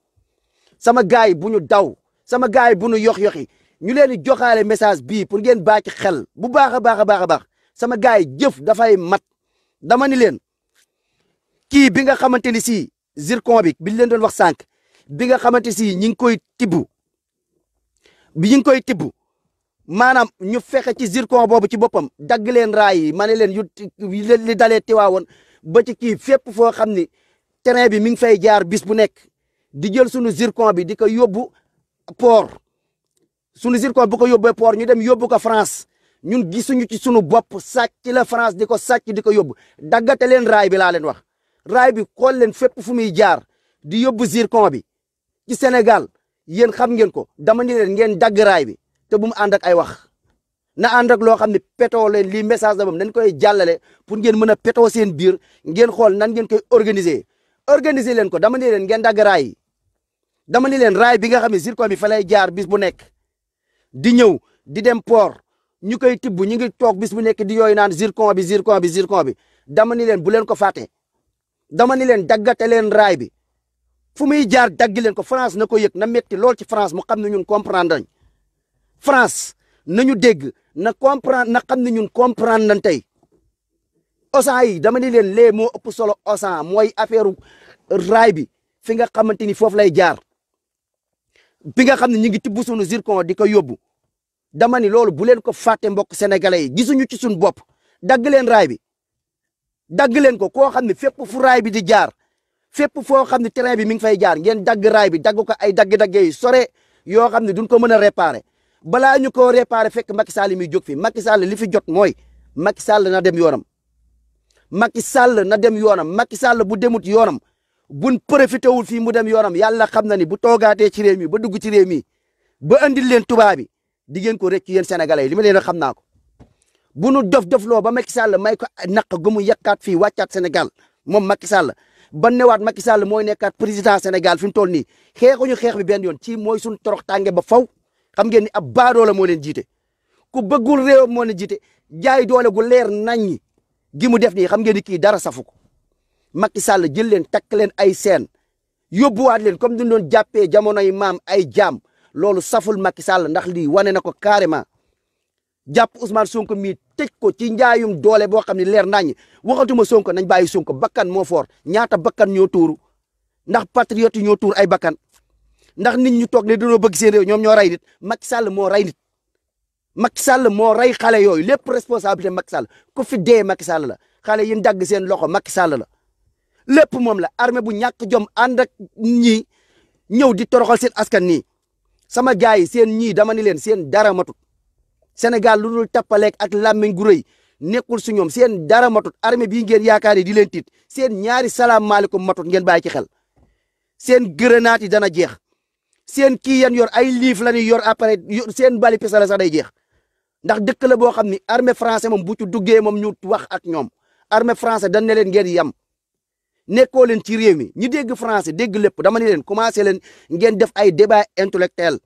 sama gars yi bu ñu daw sama gars yi bu ñu yox yoxi ñu leen di joxaale message bii pour ngeen bàcc xel bu baax a baax a baax a baax sama gars yi jëf dafay mat dama ni leen kii bi nga xamante ni si zircon bi bi leen doon wax sànq bi nga xamante si ñi ngi koy tibb bi ñu ngi koy tibb maanaam ñu fexe ci zircon boobu ci boppam dagg leen raay yi ma ne leen yu li dalee tiwaawoon ba ci kii fépp foo xam ni terrain bi mi ngi fay jaar bis bu nekk di jël sunu zircon bi di ko yóbbu port sunu zircon bu ko yóbbee port ñu dem yóbbu ko France ñun gisuñu ci sunu bopp sàcc la France di ko sàcc di ko yóbbu daggate leen raay bi laa leen wax raay bi xool leen fépp fu muy jaar di yóbbu zircon bi ci Sénégal yéen xam ngeen ko dama ni leen ngeen dagg raay bi te bu mu ànd ak ay wax na ànd ak loo xam ne petoo leen lii message la moom dañ koy jàllale pour ngeen mën a petoo seen biir ngeen xool nan ngeen koy organiser organiser leen ko dama ni leen ngeen dagg yi dama ni leen raay bi nga xam ne zircon bi fa lay jaar bis bu nekk di ñëw di dem port ñu koy tibb ñu ngi toog bis bu nekk di yooyu naan zircon bi zircon bi zircon bi dama ni leen bu leen ko fàtte dama ni leen daggate leen raay bi fu muy jaar dagg leen ko France na ko yëg na metti lool ci France mu xam ne ñun comprendre nañ France nañu dégg na comprendre na xam ne ñun comprendre tey osan yi dama ni leen lee moo ëpp solo osan mooy affaire raay bi fi nga xamante ni foofu lay jaar. bi nga xam ne ñu ngi tibb suñu zircon di ko yóbbu dama ni loolu bu leen ko fàtte mbokk sénégalais yi gisuñu ci suñu bopp dagg leen raay bi dagg leen ko koo xam ne fépp fu raay bi di jaar fépp foo xam ne train bi mi ngi fay jaar ngeen dagg raay bi dagg ko ay dagg-dagg yu sore yoo xam ne duñ ko mën a réparer balaa ñu ko réparer fekk Macky Sall mi jog fi Macky Sall li fi jot mooy Macky Sall na dem yoonam Macky Sall na dem yoonam Macky Sall bu demut yoonam. bun profité wul fii mu dem yoonam yàlla xam na ni bu toogaatee ci réew mi ba dugg ci réew mi ba indil leen tubaab bi di ngeen ko rëcc yéen sénégalais yi li ma xam naa ko. bu nu dof dofloo ba Macky Sall may ko naq gu mu yàkkaat fii wàccaat Sénégal moom Macky Sall ba newaat Macky Sall mooy nekkaat président Sénégal fi mu toll nii xeexuñu xeex bi benn yoon ci mooy suñu torox tànge ba faw xam ngeen ni ab baadoo la moo leen jiite ku bëggul réewam moo leen jiite jaay doole gu leer naññi gi mu def nii xam ngeen ni kii dara safu ko Macky Sall jël leen takk leen ay seen yóbbuwaat leen comme ni doon jàppee jamonoy maam ay jaam loolu saful Macky Sall ndax lii wane na ko carrément jàpp Ousmane Sonko mii tëj ko ci njaayum doole boo xam ne leer naññ waxatuma Sonko nañ bàyyi Sonko bakkan moo foor ñaata bakkan ñoo tuuru ndax patriote yi ñoo tuur ay bakkan ndax nit ñu toog ne dañoo bëgg seen réew ñoom ñoo ray nit Macky Sall moo rey nit Macky Sall moo rey xale yooyu lépp responsabilité Macky Sall ku fi dee Macky Sall la xale yi ñu dagg seen loxo Macky Sall la. lépp moom la armée bu ñàkk jom ànd ak ñii ñëw di toroxal seen askan nii sama gars yi seen ñii dama ni leen seen dara matut Sénégal lu dul tappaleeg ak làmmiñ gu rëy nekkul si ñoom seen dara matut armée bii ngeen yaakaar yi di leen tiit seen ñaari salaamaaleykum matut ngeen baay ci xel seen grenade yi dana jeex seen kii yen yor ay liif la ñuy yor après seen bali pisala sax day jeex ndax dëkk la boo xam ni armée français moom bu ci duggee moom ñu wax ak ñoom armee français dañ ne leen ngeen yam nekkoo leen ci réew mi ñi dégg français dégg lépp dama ne leen commencé leen ngeen def ay débat intellectuel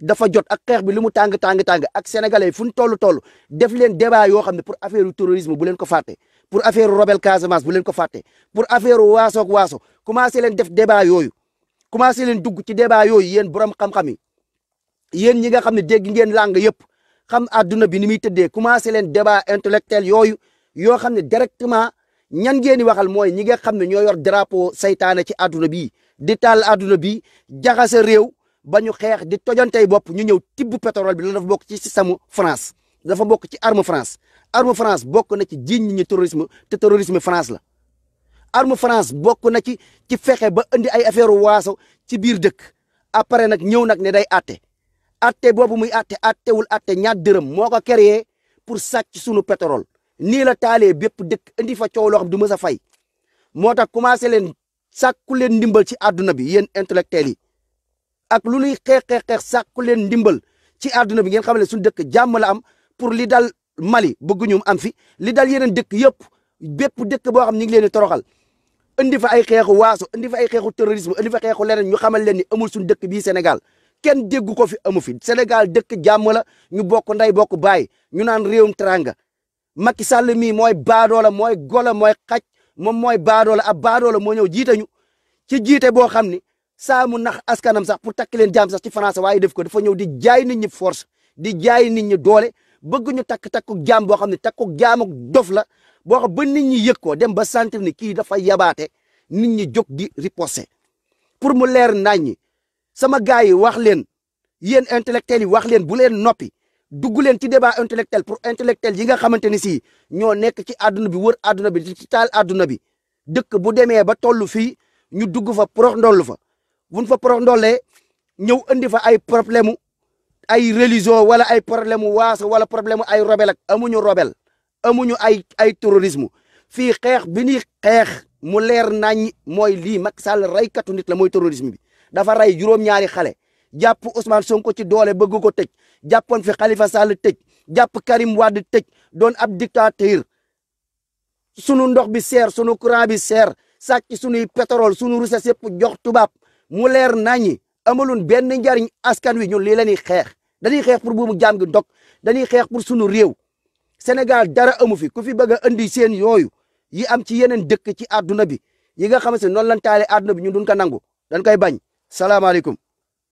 dafa jot ak xeex bi lu mu tàng tàng tàng ak sénégalais fu ñu toll toll def leen débat yoo xam ne pour affaire terrorisme bu leen ko fàtte pour affaire rebelle Casamance bu leen ko fàtte pour affaire waaso ak waaso commencé leen def débat yooyu commencé leen dugg ci débat yooyu yéen borom xam-xam yi yéen ñi nga xam ne dégg ngeen langue yëpp xam adduna bi ni muy tëddee commencé leen débat intellectuel yooyu yoo xam ne directement. ñan ngeen di waxal mooy ñi nga xam ne ñoo yor drapeau saytaane ci àdduna bi di taal àdduna bi jaxase réew ba ñu xeex di tojantey bopp ñu ñëw tibb pétrole bi dafa bokk ci système France dafa bokk ci arme France arme France bokk na ci jiiñ ñi terrorisme France la arme France bokk na ci ci fexe ba indi ay affaire waaso ci biir dëkk après nag ñëw nag ne day atte ate boobu muy atte attewul atte ñaar dërëm moo ko créé pour sàcc sunu pétrole nii la taalee bépp dëkk indi fa coow loo xam du mës fay moo tax commencé leen sàkku leen ndimbal ci àdduna bi yéen intellectuels yi ak lu ñuy xeex xeex xeex leen ndimbal ci àdduna bi ngeen xam ne suñu dëkk jàmm am pour li dal Mali bëgguñu mu am fi li dal yeneen dëkk yëpp bépp dëkk boo xam ñu ngi leen di toroxal indi fa ay xeexu waaso indi fa ay xeexu terrorisme indi fa xeexu leneen ñu xamal leen ni amul suñu dëkk bii Sénégal kenn déggu ko fi amu fi Sénégal dëkk jàmm ñu bokk nday bokk baay ñu naan réewum teranga Macky Sall mii mooy baadoola mooy golo mooy xaj moom mooy baadoola ab baadoola moo ñëw jiite ñu ci jiite boo xam ni saa mu nax askanam sax pour takk leen jaam sax ci France waaye def ko dafa ñëw di jaay nit ñi force di jaay nit ñi doole bëgg ñu takk takku jaam boo xam ne takku jaam ak dof la boo xam ba nit ñi yëg ko dem ba sentir ni kii dafa yabaate nit ñi jóg di riposte pour mu leer nañ ñi sama gars yi wax leen yéen intellectuels yi wax leen bu leen noppi. dugg leen ci débat intellectuel pour intellectuel yi nga xamante ni si ñoo nekk ci àdduna bi wër àdduna bi di ci taal àdduna bi dëkk bu demee ba toll fii ñu dugg fa porox ndoll fa buñ fa porox ndollee ñëw indi fa ay problème ay religion wala ay problème mu waaso wala problème ay rebel ak amuñu rebel amuñu ay ay terrorisme fii xeex bi ñuy xeex mu leer nañ mooy lii Macky Sall reykatu nit la mooy terrorisme bi dafa rey juróom-ñaari xale jàpp Ousmane Sonko ci doole bëgg ko tëj jàppoon fi Khalifa Sall tëj jàpp Karim Wade tëj doon ab dictateur sunu ndox bi seer sunu courant bi seer sàcc petrol sunu richesse yëpp jox tubaab mu leer nañi amaloon benn njariñ askan wi ñun lii la ñuy xeex dañuy xeex pour buumu jaam gi ndog dañuy xeex pour sunu réew Sénégal dara amu fi ku fi bëgg a andi seen yooyu yi am ci yeneen dëkk ci àdduna bi yi nga xam ne noonu lañ taale àdduna bi ñun dun ka nangu dañ koy bañ salaamaaleykum.